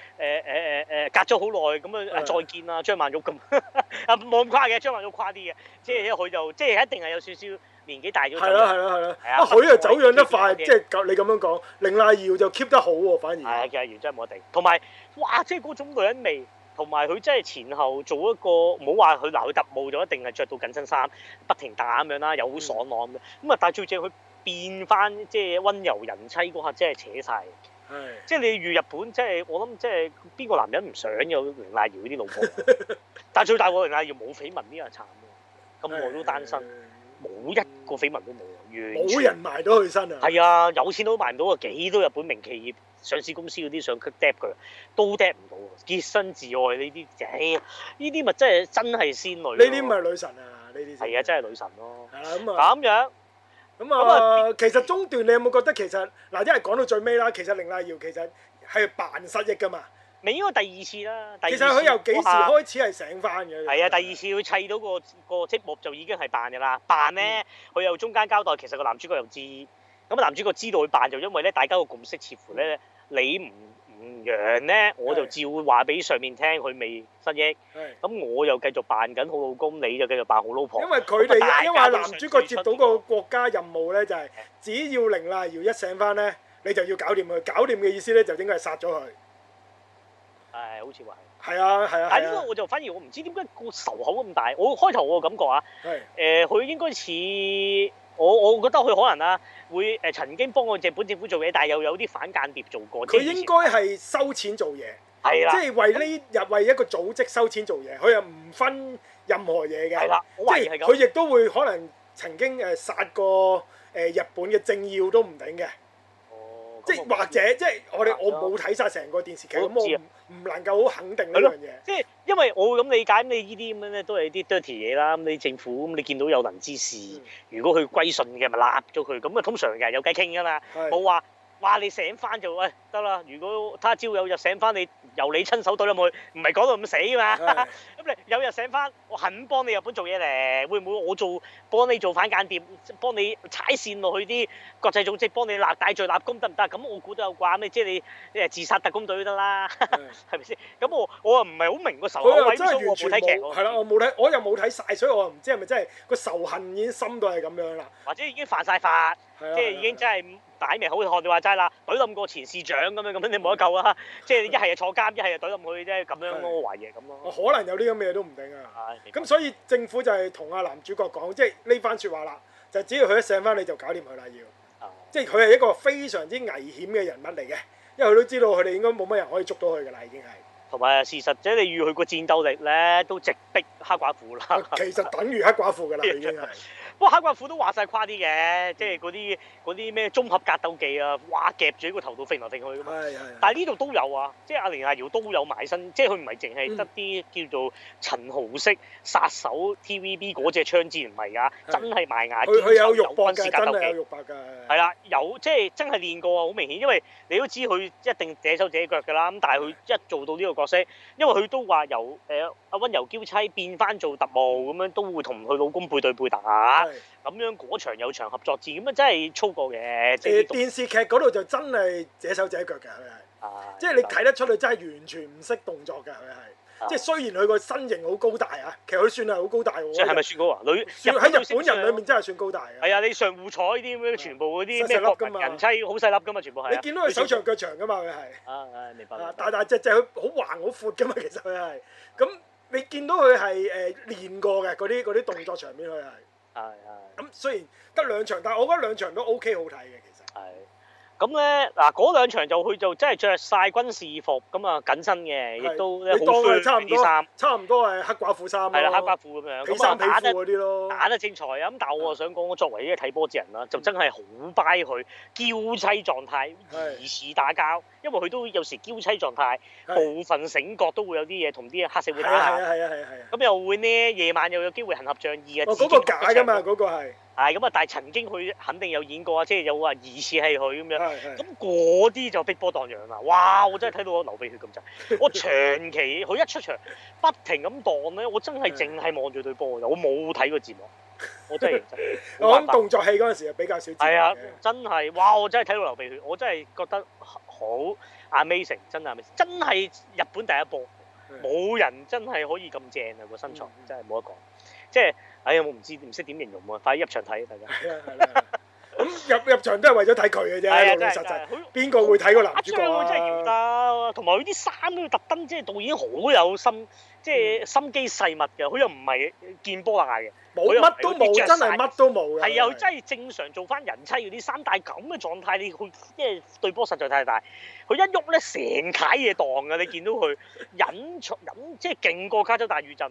誒誒隔咗好耐咁樣再見啊張曼玉咁，冇咁誇嘅張，張曼玉誇啲嘅，即係佢就即、是、係、就是、一定係有少少年紀大咗。係啦係啦係啦，啊佢又走樣得快，即係、就是、你咁樣講，凌麗瑤就 keep 得好喎反而。係凌麗瑤真係冇得頂，同埋哇，即係嗰種女人味，同埋佢真係前後做一個，唔好話佢嗱佢特務就一定係着到緊身衫，不停打咁樣啦，又好爽朗咁，咁、嗯、啊但係最正佢。變翻即係温柔人妻嗰下，真係扯晒。即係你遇日本，即係我諗，即係邊個男人唔想有綾瀨遙嗰啲老婆、啊？ 但最大個綾瀨遙冇緋聞慘，呢樣慘？咁我都單身，冇一個緋聞都冇，完全冇人埋到佢身啊！係啊，有錢都埋唔到啊！幾多日本名企業上市公司嗰啲想 cut date 佢，都 date 唔到啊！潔身自愛呢啲，唉呢啲咪真係真係仙女呢啲咪女神啊！呢啲係啊，真係女神咯！係咁啊，嗯、咁樣。咁、嗯、啊，其實中段你有冇覺得，其實嗱，即係講到最尾啦，其實凌麗瑤其實係扮失憶噶嘛。咪應該第二次啦。其實佢由幾時開始係醒翻嘅？係啊，第二次佢砌到、那個個積木就已經係扮嘅啦。扮咧，佢、嗯、又中間交代，其實個男主角又知。咁，男主角知道佢扮就因為咧，大家個共識似乎咧、嗯，你唔。一樣呢，我就照話俾上面聽，佢未失憶。咁我又繼續扮緊好老公，你就繼續扮好老婆。因為佢哋，因為男主角接到個國家任務呢，就係、是、只要凌賴瑤一醒翻呢，你就要搞掂佢。搞掂嘅意思呢，就應該係殺咗佢。係，好似話係。係啊，係啊。但呢個我就反而我唔知點解個仇口咁大。我開頭我感覺啊，佢、呃、應該似。我我覺得佢可能啦，會誒曾經幫過日本政府做嘢，但係又有啲反間諜做過。佢應該係收錢做嘢，係啦，即係為呢日為一個組織收錢做嘢，佢又唔分任何嘢嘅，係啦，即係佢亦都會可能曾經誒殺過誒日本嘅政要都唔頂嘅，即係或者即係我哋我冇睇晒成個電視劇咁我。唔能夠好肯定呢樣嘢，即係因為我會咁理解，你呢啲咁樣咧都係啲 dirty 嘢啦。咁你政府，咁你見到有能之士，嗯、如果佢歸順嘅，咪納咗佢，咁啊通常嘅有偈傾㗎嘛，冇話。哇！你醒翻就喂得啦。如果他朝有日醒翻，你由你親手對咁去，唔係講到咁死嘛。咁你有日醒翻，我肯幫你日本做嘢嚟，會唔會我做幫你做反間諜，幫你踩線落去啲國際組織，幫你立帶罪立功得唔得？咁我估都有啩。咁即係你誒自殺特工隊得啦，係咪先？咁我我啊唔係好明個仇，佢又真係完全冇。係啦，我冇睇劇，我又冇睇曬，所以我又唔知係咪真係個仇恨已經深到係咁樣啦，或者已經犯曬法，即係已經真係。擺明好，學你話齋啦，懟冧過前市長咁樣，咁你冇得救啦。 即係一係就坐監，一 係就懟冧佢啫，咁樣懷疑咁咯。我這可能有呢啲咩都唔定啊。咁、哎、所以政府就係同阿男主角講，即係呢番説話啦，就只要佢一醒翻，你就搞掂佢啦要。啊、即係佢係一個非常之危險嘅人物嚟嘅，因為佢都知道佢哋應該冇乜人可以捉到佢噶啦，已經係。同埋事實即係你預佢個戰鬥力咧，都直逼黑寡婦啦。其實等於黑寡婦噶啦，已經係。 哇，黑寡婦都話晒，誇啲嘅，即係嗰啲啲咩綜合格鬥技啊，哇夾住一個頭到飛落定去啊嘛！哎、但係呢度都有啊，嗯、即係阿連阿瑤都有埋身，即係佢唔係淨係得啲叫做陳豪式殺手 TVB 嗰隻槍戰唔係㗎，真係埋牙有。佢佢有肉搏格鬥技嘅。係啦、啊，有即係真係練過啊，好明顯，因為你都知佢一定姐手姐腳㗎啦。咁但係佢一做到呢個角色，因為佢都話由呃、阿温柔嬌妻變翻做特務咁樣，都會同佢老公背對背打。哎咁樣果場有場合作戰，咁啊真係粗過嘅。誒、呃、電視劇嗰度就真係隻手隻腳嘅佢係。即係你睇得出佢真係完全唔識動作嘅佢係。即係雖然佢個身形好高大啊，其實佢算係好高大喎。係咪算高啊？女喺日本人裏面真係算高大嘅。係啊，你上戶彩啲咁樣全部嗰啲咩嘛？人妻好細粒噶嘛，全部係、啊啊啊。你見到佢手長腳長噶嘛？佢、啊、係。啊，明白。大大隻隻佢好橫好闊噶嘛，其實佢係。咁你見到佢係誒練過嘅啲嗰啲動作場面佢係。係係，咁雖然得兩場，但係我覺得兩場都 O、OK, K 好睇嘅其實。係，咁咧嗱嗰兩場就去就真係着晒軍事服咁啊緊身嘅，亦都好舒服啲衫。差唔多係黑寡婦衫。係啦，黑寡婦咁樣。皮衫、皮褲啲咯。打得精彩啊！咁但係我就想講，我作為呢個睇波之人啦，就真係好掰佢嬌妻狀態，疑似打交。因為佢都有時嬌妻狀態、啊，部分醒覺都會有啲嘢同啲黑社會打，係啊係啊係啊係啊，咁、啊啊啊、又會呢，夜晚又有機會行合仗義啊。哦，嗰、嗰個假㗎嘛，嗰、嗰個係。咁啊！但係曾經佢肯定有演過、就是、有啊，即係有話疑似係佢咁樣。咁嗰啲就逼波盪漾啦！哇！我真係睇到我流鼻血咁滯。我長期佢 一出場不停咁盪咧，我真係淨係望住對波我冇睇過字幕，我真係。 我講動作戲嗰陣時候比較少字幕。係啊，真係哇！我真係睇到流鼻血，我真係覺得。好 amazing，真係 amazing，真係日本第一部，冇人真係可以咁正啊個身材，嗯嗯真係冇得講，即係哎呀，我唔知唔識點形容啊，快啲入場睇，大家。 咁入入場都係為咗睇佢嘅啫，是實際邊個會睇個男主角啊？佢真係唔得，同埋佢啲衫都特登，即、就、係、是、導演好有心，即、就、係、是、心機細密嘅。佢又唔係見波大嘅，冇、嗯、乜都冇，真係乜都冇。係啊，佢真係正常做翻人妻要啲衫戴咁嘅狀態，你去即係對波實在太大。佢一喐咧，成攤嘢蕩噶，你見到佢隱藏隱即係勁過加州大雨震。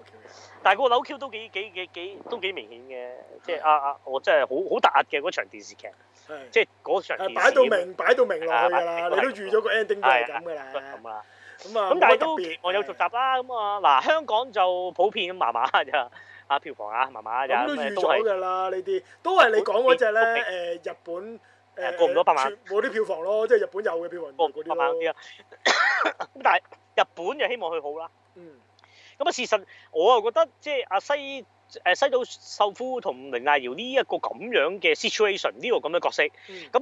但係個扭 Q 都幾幾幾幾都幾明顯嘅，即係啊啊我真係好好大嘅嗰場電視劇，即係嗰場。擺到明擺到明落去㗎啦的，你都預咗個 ending 嘅咁嘅啦。咁、就是、啦，咁、嗯、但係都我有續集啦。咁啊嗱，香港就普遍麻麻咋嚇票房啊，麻麻咋。咁都預咗㗎啦呢啲，都係你講嗰隻咧誒日本過唔到、呃、百萬全冇啲票房咯，即係日本有嘅票房，過唔過啲啊。咁但係日本就希望佢好啦。嗯。咁啊，事實我又覺得即係阿西誒西島秀夫同林亞瑤呢一個咁樣嘅 situation，呢個咁嘅角色，咁、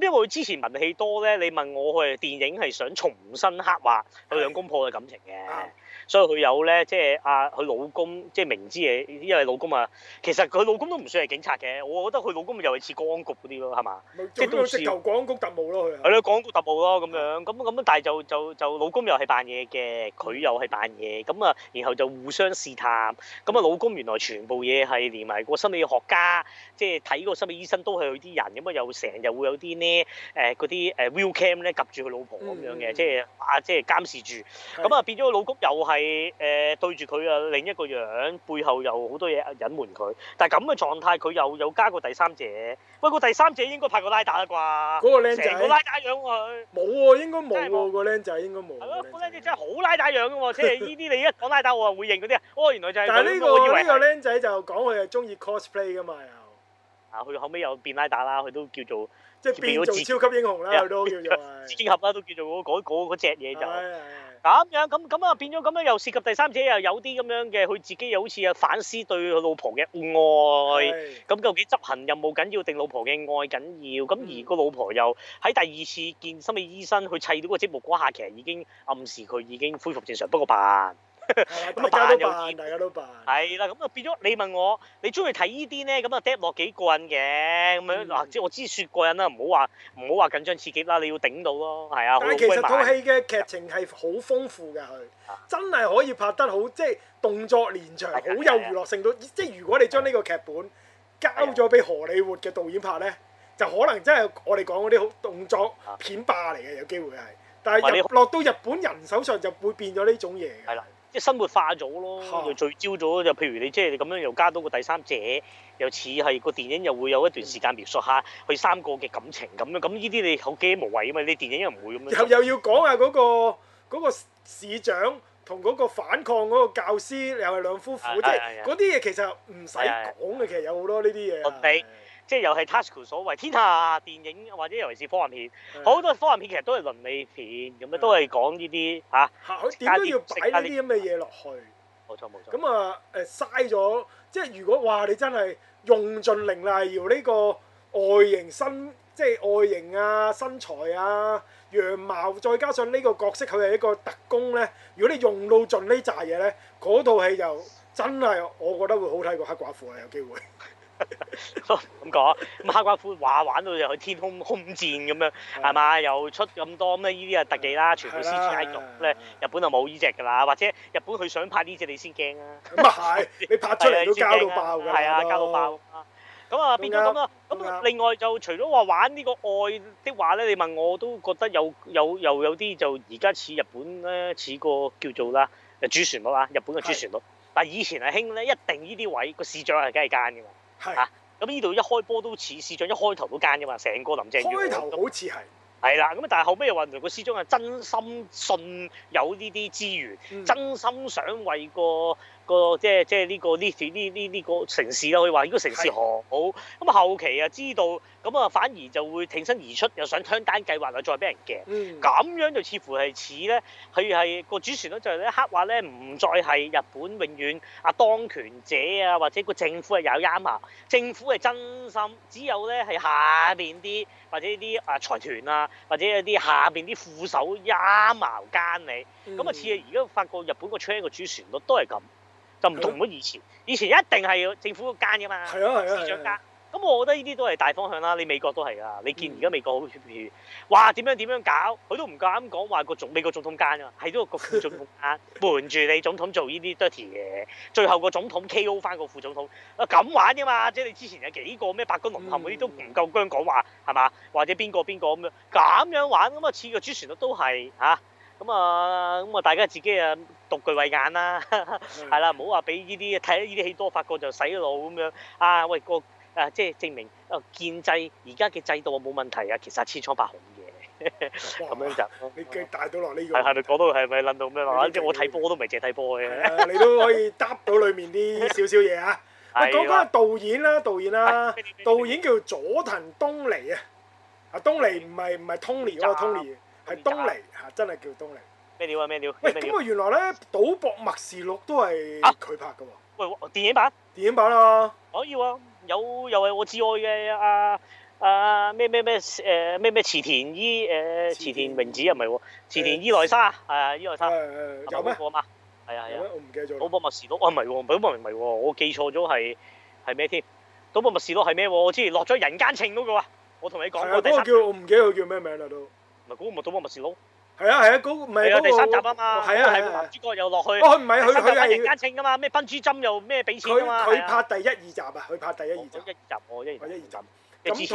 嗯、因為佢之前文戲多咧，你問我佢電影係想重新刻畫佢兩公婆嘅感情嘅。嗯嗯。所以佢有咧，即係阿佢老公，即係明知嘅，因為老公啊，其實佢老公都唔算係警察嘅，我覺得佢老公咪又係似公安局嗰啲咯，係嘛？即係都似。即係直頭，公安局特務咯，佢係咯，公安局特務咯，咁樣咁咁，但係就就就，就老公又係扮嘢嘅，佢又係扮嘢，咁啊，然後就互相試探，咁啊，老公原來全部嘢係連埋個心理學家，即係睇嗰個心理醫生都係佢啲人，咁啊，又成日會有啲呢誒嗰啲誒 view cam 咧及住佢老婆咁樣嘅，即係啊，即係監視住，咁啊，變咗個老公又係。係誒，對住佢嘅另一個樣，背後又好多嘢隱瞞佢。但係咁嘅狀態，佢又有加過第三者。不過第三者應該拍過拉打啦啩？嗰、那個靚仔成個拉打樣佢。冇喎，應該冇喎。個靚仔應該冇。係咯，個靚仔真係好拉打樣嘅喎。即係呢啲你一講拉打，我又會認嗰啲啊。哦，原來就係。但係呢、這個呢、這個靚仔就講佢係中意 cosplay 噶嘛又。啊，佢後尾又變拉打啦，佢都叫做即係變咗超級英雄啦，又、啊、都叫做。超級俠啦，都叫做嗰隻嘢就。咁樣咁咁啊，變咗咁樣又涉及第三者，又有啲咁樣嘅，佢自己又好似啊，反思對佢老婆嘅愛。咁究竟執行任務緊要定老婆嘅愛緊要？咁而個老婆又喺第二次見心理醫生，去砌到個積木嗰下，其實已經暗示佢已經恢復正常，不過吧。咁啊大家都扮，大家都扮係啦。咁啊變咗你問我，你中意睇呢啲咧？咁啊跌落幾過癮嘅咁樣嗱，即、嗯、係我知雪過癮啦，唔好話唔好話緊張刺激啦，你要頂到咯，係啊。但係其實套戲嘅劇情係好豐富嘅，佢真係可以拍得好，即係動作連場，好有娛樂性到。即係如果你將呢個劇本交咗俾荷里活嘅導演拍咧，就可能真係我哋講嗰啲好動作片霸嚟嘅，有機會係。但係落到日本人手上，就會變咗呢種嘢嘅。即生活化咗咯，又聚焦咗，就譬如你即係你咁樣又加多個第三者，又似係個電影又會有一段時間描述下佢三個嘅感情咁樣。咁呢啲你好驚無謂啊嘛，你電影又唔會咁樣。又又要講下嗰個市長同嗰個反抗嗰個教師又係兩夫婦，啊、即係嗰啲嘢其實唔使講嘅，其實有好多呢啲嘢。啊啊啊即係又係 Tasuku 所謂天下電影，或者尤其係科幻片，好、嗯、多科幻片其實都係倫理片咁樣，都係講呢啲嚇。點、啊、都要擺呢啲咁嘅嘢落去。冇錯冇錯。咁啊誒嘥咗，即係如果話你真係用盡靈力搖呢個外形身，即係外形啊身材啊樣貌，再加上呢個角色佢係一個特工咧。如果你用到盡呢扎嘢咧，嗰套戲就真係我覺得會好睇過黑寡婦啊，有機會。咁 講，咁黑寡婦話玩到又去天空空戰咁樣，係嘛？又出咁多咁咧，呢啲啊特技啦，全部師出 i 咧日本就冇呢隻㗎啦。或者日本佢想拍呢、這、隻、個，你先驚啊！咁 你拍出嚟都膠到爆㗎，係啊，膠到爆。咁啊，變咗咁啊？咁、嗯、另外就除咗話玩呢個愛的話咧，你問我都覺得有有又有啲就而家似日本咧，似個叫做啦，主旋律啊，日本嘅主旋律。但係以前係興咧，一定呢啲位個市長係梗係奸㗎嘛。係啊，咁呢度一開波都似，市長一開頭都奸噶嘛，成個林鄭月。開頭好似係，係啦，咁但係後尾又話原來個市長係真心信有呢啲資源，真心想為個。這個即係即係呢個呢呢呢呢個城市啦，可以話呢個城市何好？咁啊後期啊知道咁啊，反而就會挺身而出，又想搶單計劃，又再俾人夾。咁、嗯、樣就似乎係似咧，佢係個主旋律就係咧黑話咧，唔再係日本永遠阿當權者啊，或者個政府係有啱矛，政府係真心，只有咧係下邊啲或者啲啊財團啊，或者一啲下邊啲副手啱矛奸你。咁啊似啊而家發覺日本個 train 個主旋律都係咁。就唔同咗以前，以前一定係政府嗰間噶嘛係係係，市長間。咁我覺得呢啲都係大方向啦。你美國都係噶，你見而家美國好似、嗯、哇點樣點樣搞，佢都唔夠膽講話個總美國總統間啊，係都個副總統間、 啊，瞞住你總統做呢啲 dirty 嘢，最後個總統 KO 翻個副總統。啊咁玩噶嘛，即係你之前有幾個咩白宮淪陷嗰啲都唔夠薑講話係嘛、嗯，或者邊個邊個咁樣咁樣玩，咁啊次個主旋律都係嚇，咁啊咁啊大家自己啊。獨具慧眼啦、啊，係、嗯、啦，唔好話俾呢啲睇依啲戲多，發覺就洗腦咁樣。啊，喂個誒，即、啊、係證明啊，建制而家嘅制度冇問題啊，其實千瘡百孔嘢，咁樣就你帶到落呢個係係咪講到係咪諗到咩話？即係我睇波都唔係淨睇波嘅，你都可以答到裡面啲少少嘢啊。講 翻、哎、導演啦，導演啦、啊啊，導演叫佐藤東尼啊，啊東尼唔係唔係 Tony 嗰個 Tony，係東尼嚇，真係叫東尼。咩料啊？咩料、啊？喂，咁啊，原來咧《賭博默示錄》都係佢拍噶喎。喂，電影版？電影版啊？可、哦、以啊，有又係我至愛嘅啊！阿咩咩咩誒咩咩池田依誒池田榮子又唔係喎，池、呃呃、田伊萊莎係啊，伊萊莎有咩？係啊係啊。賭博默示錄啊，唔係喎，咁啊唔係喎，我記錯咗係係咩添？賭、啊、博默示錄係咩？我之前落咗人間情嗰句啊，我同你講。係啊，嗰、啊那個、個叫我唔記得佢叫咩名啦都、啊。唔係嗰個咪賭博默示錄？係啊係啊，嗰唔係嗰個係啊，男、那、主、個那個啊啊啊啊、角又落去。哦，唔係佢佢係人間稱噶嘛，咩珍珠針又咩俾錢啊嘛，佢佢拍第一二集啊，佢拍第一二集、啊哦哦哦嗯啊。一集哦，一集。一、二集。咁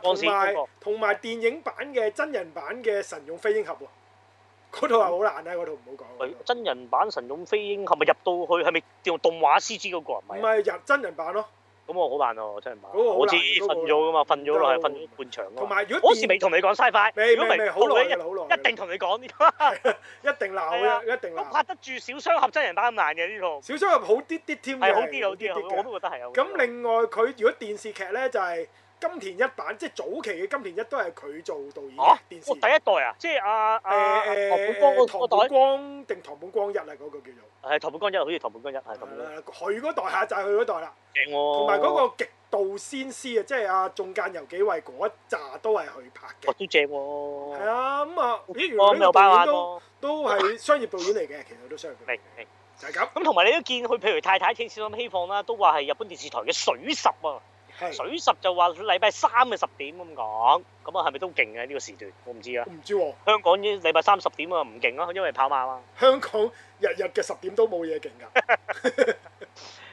同同埋同埋電影版嘅真人版嘅神勇飛鷹俠喎，嗰套係好難啊！嗰套唔好講。真人版神勇飛鷹俠係咪入到去係咪叫動畫 CG 嗰個啊？唔係入真人版咯。咁我好我、那個、難哦，真係，好似瞓咗噶嘛，瞓咗落嚟，瞓半場咯。同、那、埋、個那個那個那個、如果電視未同你講 Sci-Fi，如果未，一定同你講， 一定鬧嘅、啊，一定鬧。都拍得住小雙俠真人版咁難嘅呢套。小雙俠好啲啲添嘅，好啲好啲，我都覺得係。咁另外佢如果電視劇咧就係金田一版，即係早期嘅金田一都係佢做導演。哦，嚇！我第一代啊，即係阿阿哦，本光哦，唐本光定唐本光一啊，嗰個叫做。係《桃本江一》，好似《桃本江一》，係咁樣。佢嗰代下就係佢嗰代啦。正喎。同埋嗰個極道鮮師，就是、啊，即係阿仲間由紀惠嗰一紮都係佢拍嘅。哦，都正喎。係啊，咁啊，我、嗯、原來都都係商業導演嚟嘅，其實都商業導。明、嗯、明、嗯、就係、是、咁。咁同埋你都見佢，譬如《太太請小心輕放》啦，都話係日本電視台嘅水十啊。水十就話禮拜三嘅十點咁講，咁啊係咪都勁啊呢個時段？我唔知啊。唔知喎。香港依禮拜三十點啊唔勁咯，因為跑馬啊嘛。香港日日嘅十點都冇嘢勁噶。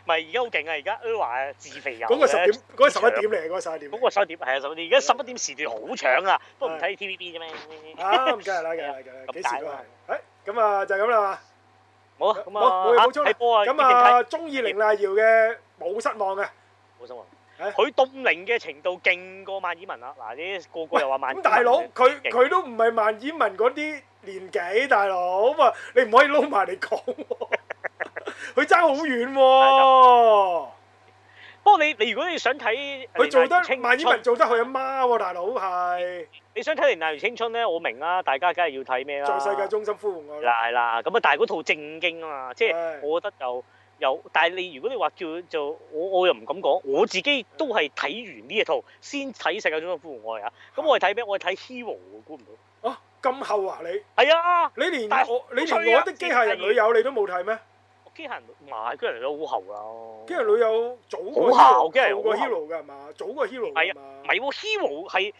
唔係而家好勁啊！而家都話自肥油。嗰個十點，嗰個十一點嚟，嗰個十一點。嗰個十一點係啊十一點，而家十一點時段好搶啊！不過唔睇 TVB 啫咩？啊，唔該晒，唔該晒，唔該。咁大啊！誒，咁啊就係咁啦嘛。好啊，咁啊，冇入波啊，咁啊，中意林麗瑤嘅冇失望嘅，冇失望。佢凍齡嘅程度，勁過萬綺雯啦，嗱，呢個個又話萬綺雯。大佬，佢佢都唔係萬綺雯嗰啲年紀，大佬，你唔可以撈埋嚟講，佢爭好遠喎！喔！有，但係你如果你話叫就我我又唔敢講，我自己都係睇完呢一套先睇《世界中心呼喚愛》啊。咁我係睇咩？我係睇 Hero，估唔到啊！咁厚啊你？係啊！你連我你連我的機械人女友你都冇睇咩？機械人唔係、啊機,啊、機械人女友好厚啊,啊,啊,啊、哦！機械女友早好後嘅人早過 Hero 㗎係嘛？早過 Hero 係啊？唔係喎 Hero 係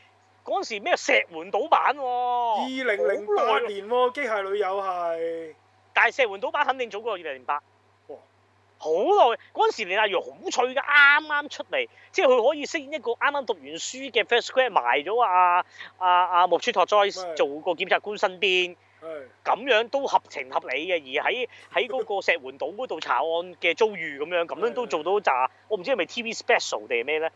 嗰陣時咩石垣島版喎？二零零八年喎機械女友係，但係石垣島版肯定早過二零零八。好耐嗰陣時林，李亞茹好脆噶，啱啱出嚟，即係佢可以飾演一個啱啱讀完書嘅 first grade 埋咗阿阿阿木村拓哉做個檢察官身邊，咁樣都合情合理嘅。而喺喺嗰個石門島嗰度查案嘅遭遇咁樣，咁樣都做到咋？我唔知係咪 TV special 定係咩咧？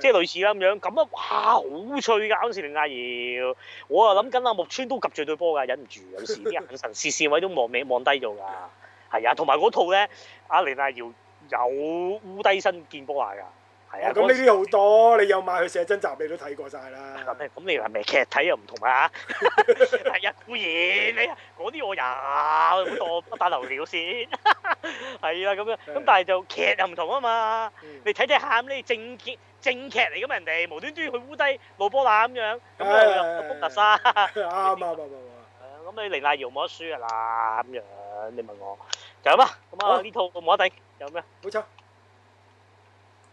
即係類似啦咁樣，咁樣哇好脆噶！嗰陣時李亞茹，我想啊諗緊阿木村都及住對波㗎，忍唔住有時啲眼神，視線位都望未望低咗㗎。係啊，同埋嗰套咧，阿凌大瑤有污低身見波瀨噶，係啊。咁呢啲好多，你有買佢寫真集，你都睇過晒啦。咁你咁你話咩劇睇又唔同啊係 啊，固然你嗰啲我有，不打流料先。係 啊，咁樣咁 但係就劇又唔同啊嘛、嗯。你睇睇喊你正，正劇正劇嚟，咁人哋無端端去污低冇波瀨咁樣，哎、樣，咁樣特沙」。啱啱係啊，咁你凌大瑤冇得輸啊啦咁樣。你問我，有咩？咁啊呢套我冇得頂，有咩？冇錯。